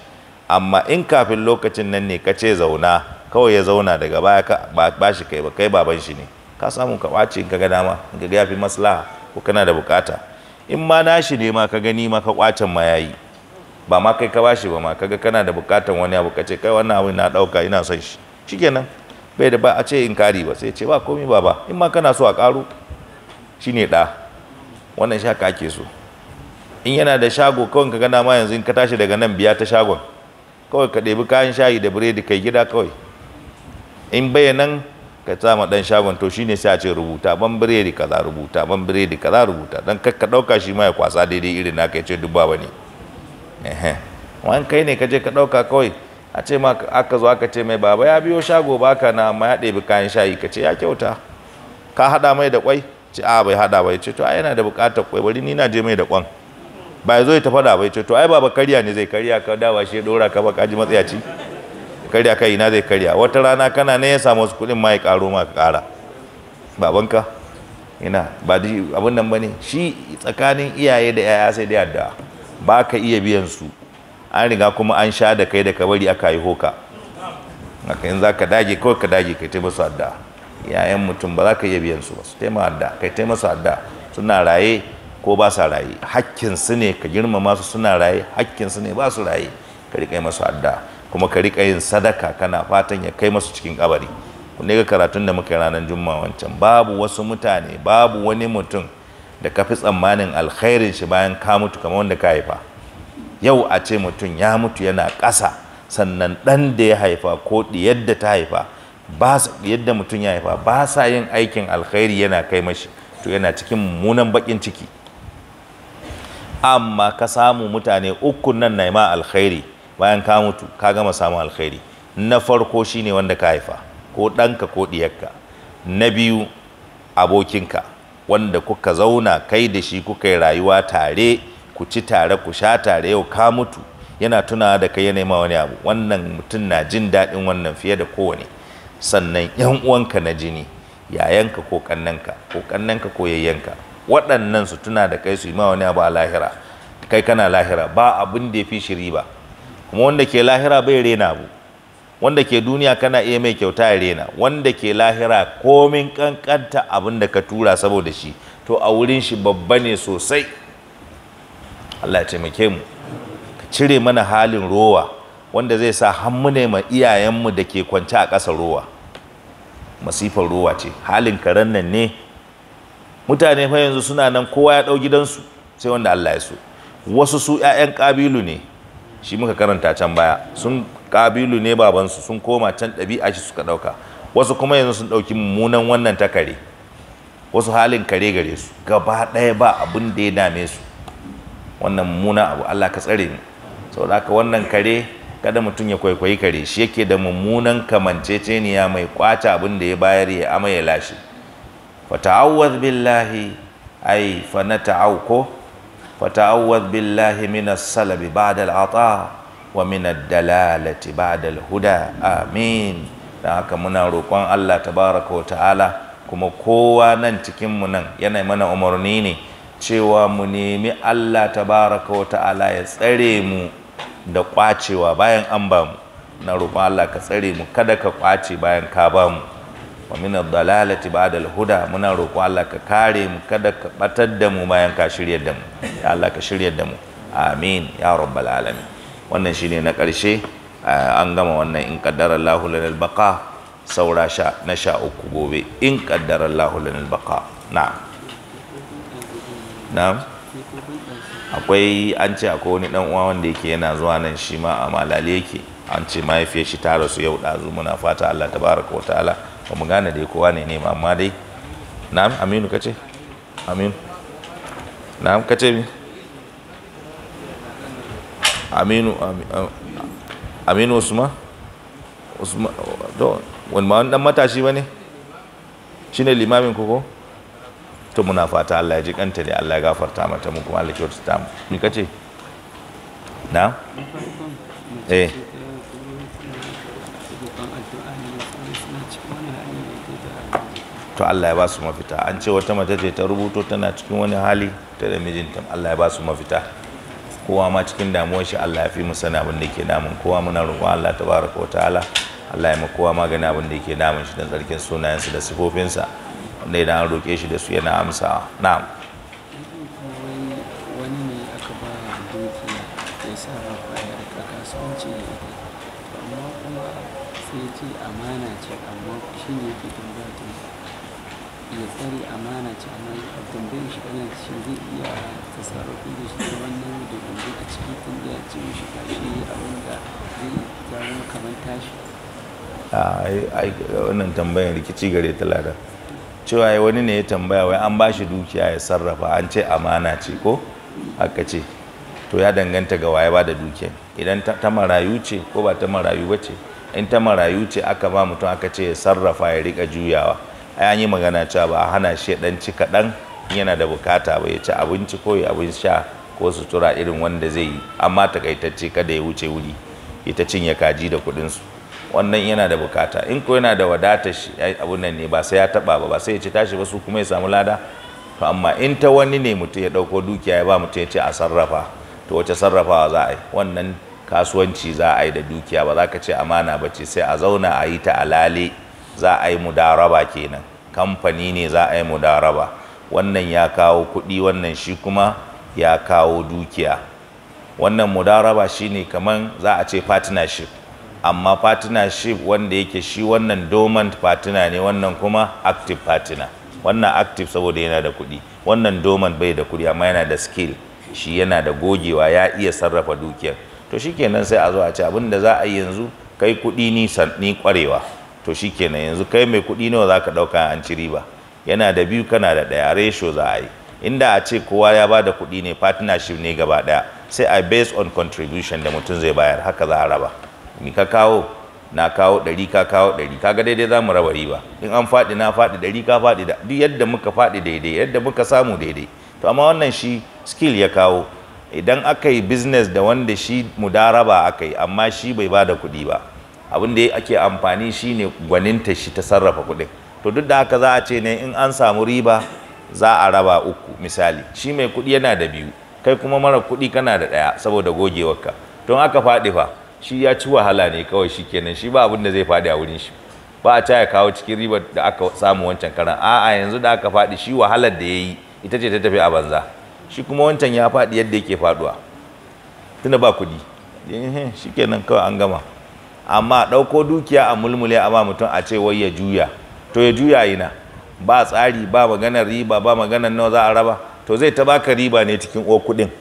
S1: amma in kafin lokacin nan ne ka ce zauna kawai ya zauna daga baya ka ba shi kai ba kai baban shi ne ka samu ka kwaci in ka ga dama in kaga ya fi maslaha ko kana da bukata in ma nashi ne ma ka gani ma ka kwacen ma yayi ba ma kai ka bashi ba ma kaga kana da bukatan wani abu kace kai wannan abu na dauka ina son shi shikenan bai da ba a ce in kari ba sai ce ba komai ba in ma kana so a karo shine da wannan shi haka ake so in yana da shago kawai ka gana ma yanzu in ka tashi daga nan biya ta shagon kawai ka ɗebi kayan shayi da biredi kai gida kawai in bayanan ka ma dan shagon to shine sai a ce rubuta ban biredi kaza rubuta ban biredi kaza rubuta dan kakka dauka shi ma ya kwasa daidai irin naka ya ce duk ba ne wani kai ne ka je ka ɗauka kawai a ce ma aka zo aka ce mai baba ya biyo shago baka na ma ya ɗebi kayan shayi ka ce ya kyauta ka haɗa mai da kwai ce a bai haɗa ba ya ce to ai yana da buƙatar kwai bari ni na je mai da kwan ba ya zo ya ta faɗa ba ya ce to ai baba karya ne zai karya ka dawa shi ya ɗora ka ba ka ji matsayaci karya yi ina zai karya wata rana kana ne ya samu wasu kuɗin ma ya ƙaro ma ka ƙara babanka ina ba abin nan ba ne shi tsakanin iyaye da 'ya'ya sai dai addu'a. ba ka iya biyan su an riga kuma an sha da kai da ka bari aka yi hoka haka in za ka dage kawai ka dage kai taimasa adda yayan mutum ba za ka iya biyan su ba su taimasa adda kai taimasa adda suna raye ko ba sa raye hakkin su ne ka girmama su suna raye hakkin su ne ba su raye ka riƙa masu adda kuma ka riƙa yin sadaka kana fatan ya kai masu cikin kabari kun ga karatun da muka yi ranar juma'a wancan babu wasu mutane babu wani mutum da ka fi tsammanin alkhairin shi bayan ka mutu kamar wanda ka haifa yau a ce mutum ya mutu yana ƙasa sannan ɗan da ya haifa ko yadda ta haifa yadda mutum ya haifa ba sa yin aikin alkhairi yana kai mashi to yana cikin mummunan bakin ciki amma ka samu mutane uku nan na ma alkhairi bayan ka mutu ka gama samun alkhairi na farko shine wanda ka haifa ko ɗanka ko ɗiyarka na biyu abokinka wanda kuka zauna kai da shi kuka yi rayuwa tare ku ci tare ku sha tare yau ka mutu yana tuna da kai yana ma wani abu wannan mutum na jin daɗin wannan fiye da kowane sannan yan uwanka na jini yayanka ko kannanka ko kannanka ko yayyanka waɗannan su tuna da kai su yi ma wani abu a lahira kai kana lahira ba abin da ya fi shiri ba kuma wanda ke lahira bai rena abu wanda ke duniya kana iya mai kyauta ya rena wanda ke lahira komin kankanta abin da ka tura saboda shi to a wurin shi babba ne sosai Allah ya taimake mu ka cire mana halin rowa wanda zai sa hannu ne ma iyayenmu da ke kwance a ƙasa rowa masifar rowa ce halin karen nan ne mutane fa yanzu suna nan kowa ya ɗau gidansu sai wanda Allah ya so wasu su 'ya'yan ƙabilu ne shi muka karanta can baya sun kabilu ne babansu sun koma can ɗabi'a shi suka ɗauka wasu kuma yanzu sun ɗauki mummunan wannan ta kare wasu halin kare gare su gaba ɗaya ba abin da ya dame su wannan mummuna abu Allah ka tsare sau saboda haka wannan kare kada mutum ya kwaikwayi kare shi yake da mummunan kamanceceniya mai kwata abin da ya bayar ya ama ya lashe fata'awwaz billahi ay fa nata'awko billahi minas salabi ba'da wa minad dalalati ba'dal huda amin dan haka muna roƙon Allah tabaraka wa ta'ala kuma kowa nan cikin mu nan yana mana umarni ne cewa mu nemi Allah tabaraka wa ta'ala ya tsare mu da kwacewa bayan an ba mu na roƙon Allah ka tsare mu kada ka kwace bayan ka ba mu wa minad dalalati ba'da huda muna roƙo Allah ka kare mu kada ka batar da mu bayan ka shirya da mu ya Allah ka shirya da mu amin ya rabbal alamin wannan shine na ƙarshe an gama wannan in qaddara Allahu lana baqa saura sha na sha uku gobe in qaddara Allahu lana baqa na'am na'am akwai an ce akwai wani dan uwa wanda yake yana zuwa nan shi ma a malale yake an ce mahaifiyar shi ta rasu yau ɗazu muna fata Allah tabaraka wa ta'ala ba mu gane dai kowa ne ne amma dai na'am aminu kace aminu na'am kace mi aminu aminu Usma usman to wani ma dan matashi bane shine limamin ku ko to muna fata Allah ya ji kanta ne Allah ya gafarta mata mu kuma Allah ya kyautata mu ni kace na eh to Allah ya ba su mafita an ce wata mace ce ta rubuto tana cikin wani hali ta da mijinta Allah ya ba su mafita kowa ma cikin damuwar shi Allah ya fi mu sana abin da ke damun kowa muna roƙon Allah tabaraka wa ta'ala Allah ya mu kowa ma gani abin da yake damun shi dan tsarkin sunayensa da sifofinsa wanda idan an roƙe shi da su yana amsawa na'am wani ne aka ba dukiya ya sa ba ya kasuwanci da ita amma kuma sai ce amana ce amma shi ne yake tambaya ya tsare amana ce amma a tambayar shi kana shi zai iya tasarrufi su shi wannan dodandu a cikin tun da ce mishi shi abin da zai zama kamar tashi a wannan tambayar rikici gare ta lada cewa ya wani ne ya tambaya wai an ba shi dukiya ya sarrafa an ce amana ce ko Haka ce to ya danganta ga waye ba da dukiya idan ta marayu ce ko ba ta marayu ba ce in ta marayu ce aka ba mutum aka ce ya sarrafa ya rika juyawa ai an yi magana cewa ba a hana shi dan ci kaɗan yana da bukata ba ya ci abinci ko ya abin sha ko sutura irin wanda zai yi amma takaitacce kada ya wuce wuri ita cinye kaji da su wannan yana da bukata in ko yana da wadata shi abun nan ne ba sai ya taba ba ba sai ya ci tashi ba su kuma ya samu lada to amma in ta wani ne mutum ya dauko dukiya ya ba mutum ya ce a sarrafa to wace sarrafawa za a yi wannan kasuwanci za a yi da dukiya ba za ka ce amana ba ce sai a zauna a yi ta alale za a yi mudaraba kenan kamfani ne za a yi mudaraba wannan ya kawo kuɗi wannan shi kuma ya kawo dukiya wannan mudaraba shine kaman za a ce partnership amma partnership wanda yake shi wannan dormant partner ne wannan kuma active partner wannan active saboda yana da kuɗi wannan dormant bai da kuɗi amma yana da skill shi yana da gogewa ya iya sarrafa dukiyar to shikenan sai a zo a ce abin da za a yi yanzu kai kuɗi ni ni kwarewa to shikenan yanzu kai mai kuɗi nawa za ka ɗauka an ci riba yana da biyu kana da ɗaya ratio za a yi inda a ce kowa ya ba da kuɗi ne partnership ne gaba ɗaya sai a based on contribution da mutum zai bayar haka za a raba ni ka kawo na kawo ɗari ka kawo ɗari kaga daidai za mu raba riba in an faɗi na faɗi ɗari ka faɗi da duk yadda muka faɗi daidai yadda muka samu daidai to amma wannan shi skill ya kawo idan aka yi business da wanda shi mudaraba aka yi amma shi bai ba da kuɗi ba abin da ake amfani shi ne gwaninta shi ta sarrafa kuɗin to duk da haka za a ce ne in an samu riba za a raba uku misali shi mai kuɗi yana da biyu kai kuma mara kuɗi kana da ɗaya saboda gogewarka don aka faɗi fa shi ya ci wahala ne kawai shi kenan shi ba abin da zai faɗi a wurin shi ba a ya kawo cikin ribar da aka samu wancan karan a'a yanzu da aka faɗi shi wahalar da ya yi ita ce ta tafi a banza shi kuma wancan ya faɗi yadda yake faɗuwa tunda ba kuɗi shi kenan kawai an gama amma ɗauko dukiya a mulmule a ba mutum a ce wai ya juya to ya juya ina ba tsari ba maganar riba ba maganar nawa za a raba to zai ta baka riba ne cikin o kuɗin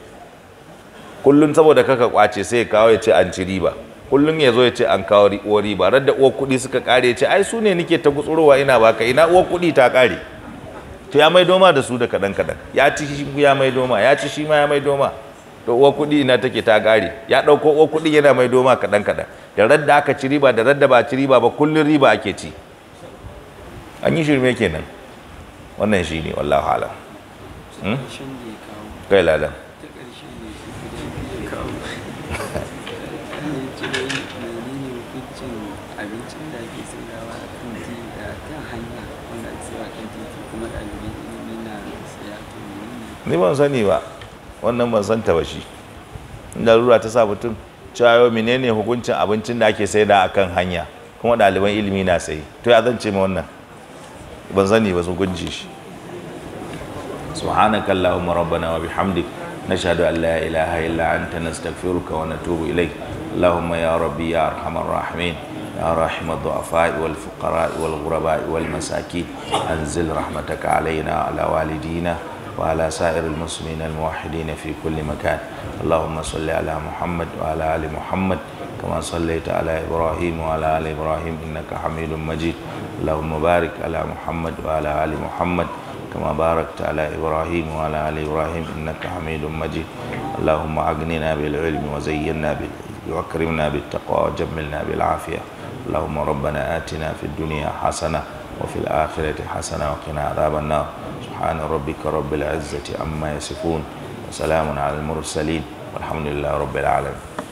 S1: kullum saboda kaka kwace sai ya kawo ya ce an ci riba kullum ya zo ya ce an kawo uwar riba radda uwar kuɗi suka kare ya ce ai su ne nike ta gutsurowa ina baka ina uwar kuɗi ta kare. to ya mai doma da su da kaɗan kaɗan ya ci shi ya mai doma ya ci shi ma ya mai doma to uwar kuɗi ina take ta kare. ya ɗauko uwar kudi yana mai doma kaɗan kaɗan da radda aka ci riba da radda ba ci riba ba kullun riba ake ci an yi shirme kenan wannan shi ne wallahu alam hmm? kai ladan ni ban sani ba wannan ban santa ba shi larura ta sa mutum cewa yau menene hukuncin abincin da ake sai saida akan hanya kuma ɗaliban ilimi na sai to ya zan ce ma wannan ban sani ba sun gunji shi subhanaka allahumma rabbana wa bihamdik nashhadu an la ilaha illa anta nastaghfiruka wa natubu ilayk allahumma ya rabbi ya arhamar rahimin يا رحم الضعفاء والفقراء والغرباء والمساكين أنزل رحمتك علينا على والدينا وعلى سائر المسلمين الموحدين في كل مكان اللهم صل على محمد وعلى آل محمد كما صليت على إبراهيم وعلى آل إبراهيم إنك حميد مجيد اللهم بارك على محمد وعلى آل محمد كما باركت على إبراهيم وعلى آل إبراهيم إنك حميد مجيد اللهم أغننا بالعلم وزينا بالعلم وأكرمنا بالتقوى وجملنا بالعافية اللهم ربنا آتنا في الدنيا حسنة وفي الآخرة حسنة وقنا عذاب النار سبحان ربك رب العزة عما يصفون وسلام على المرسلين والحمد لله رب العالمين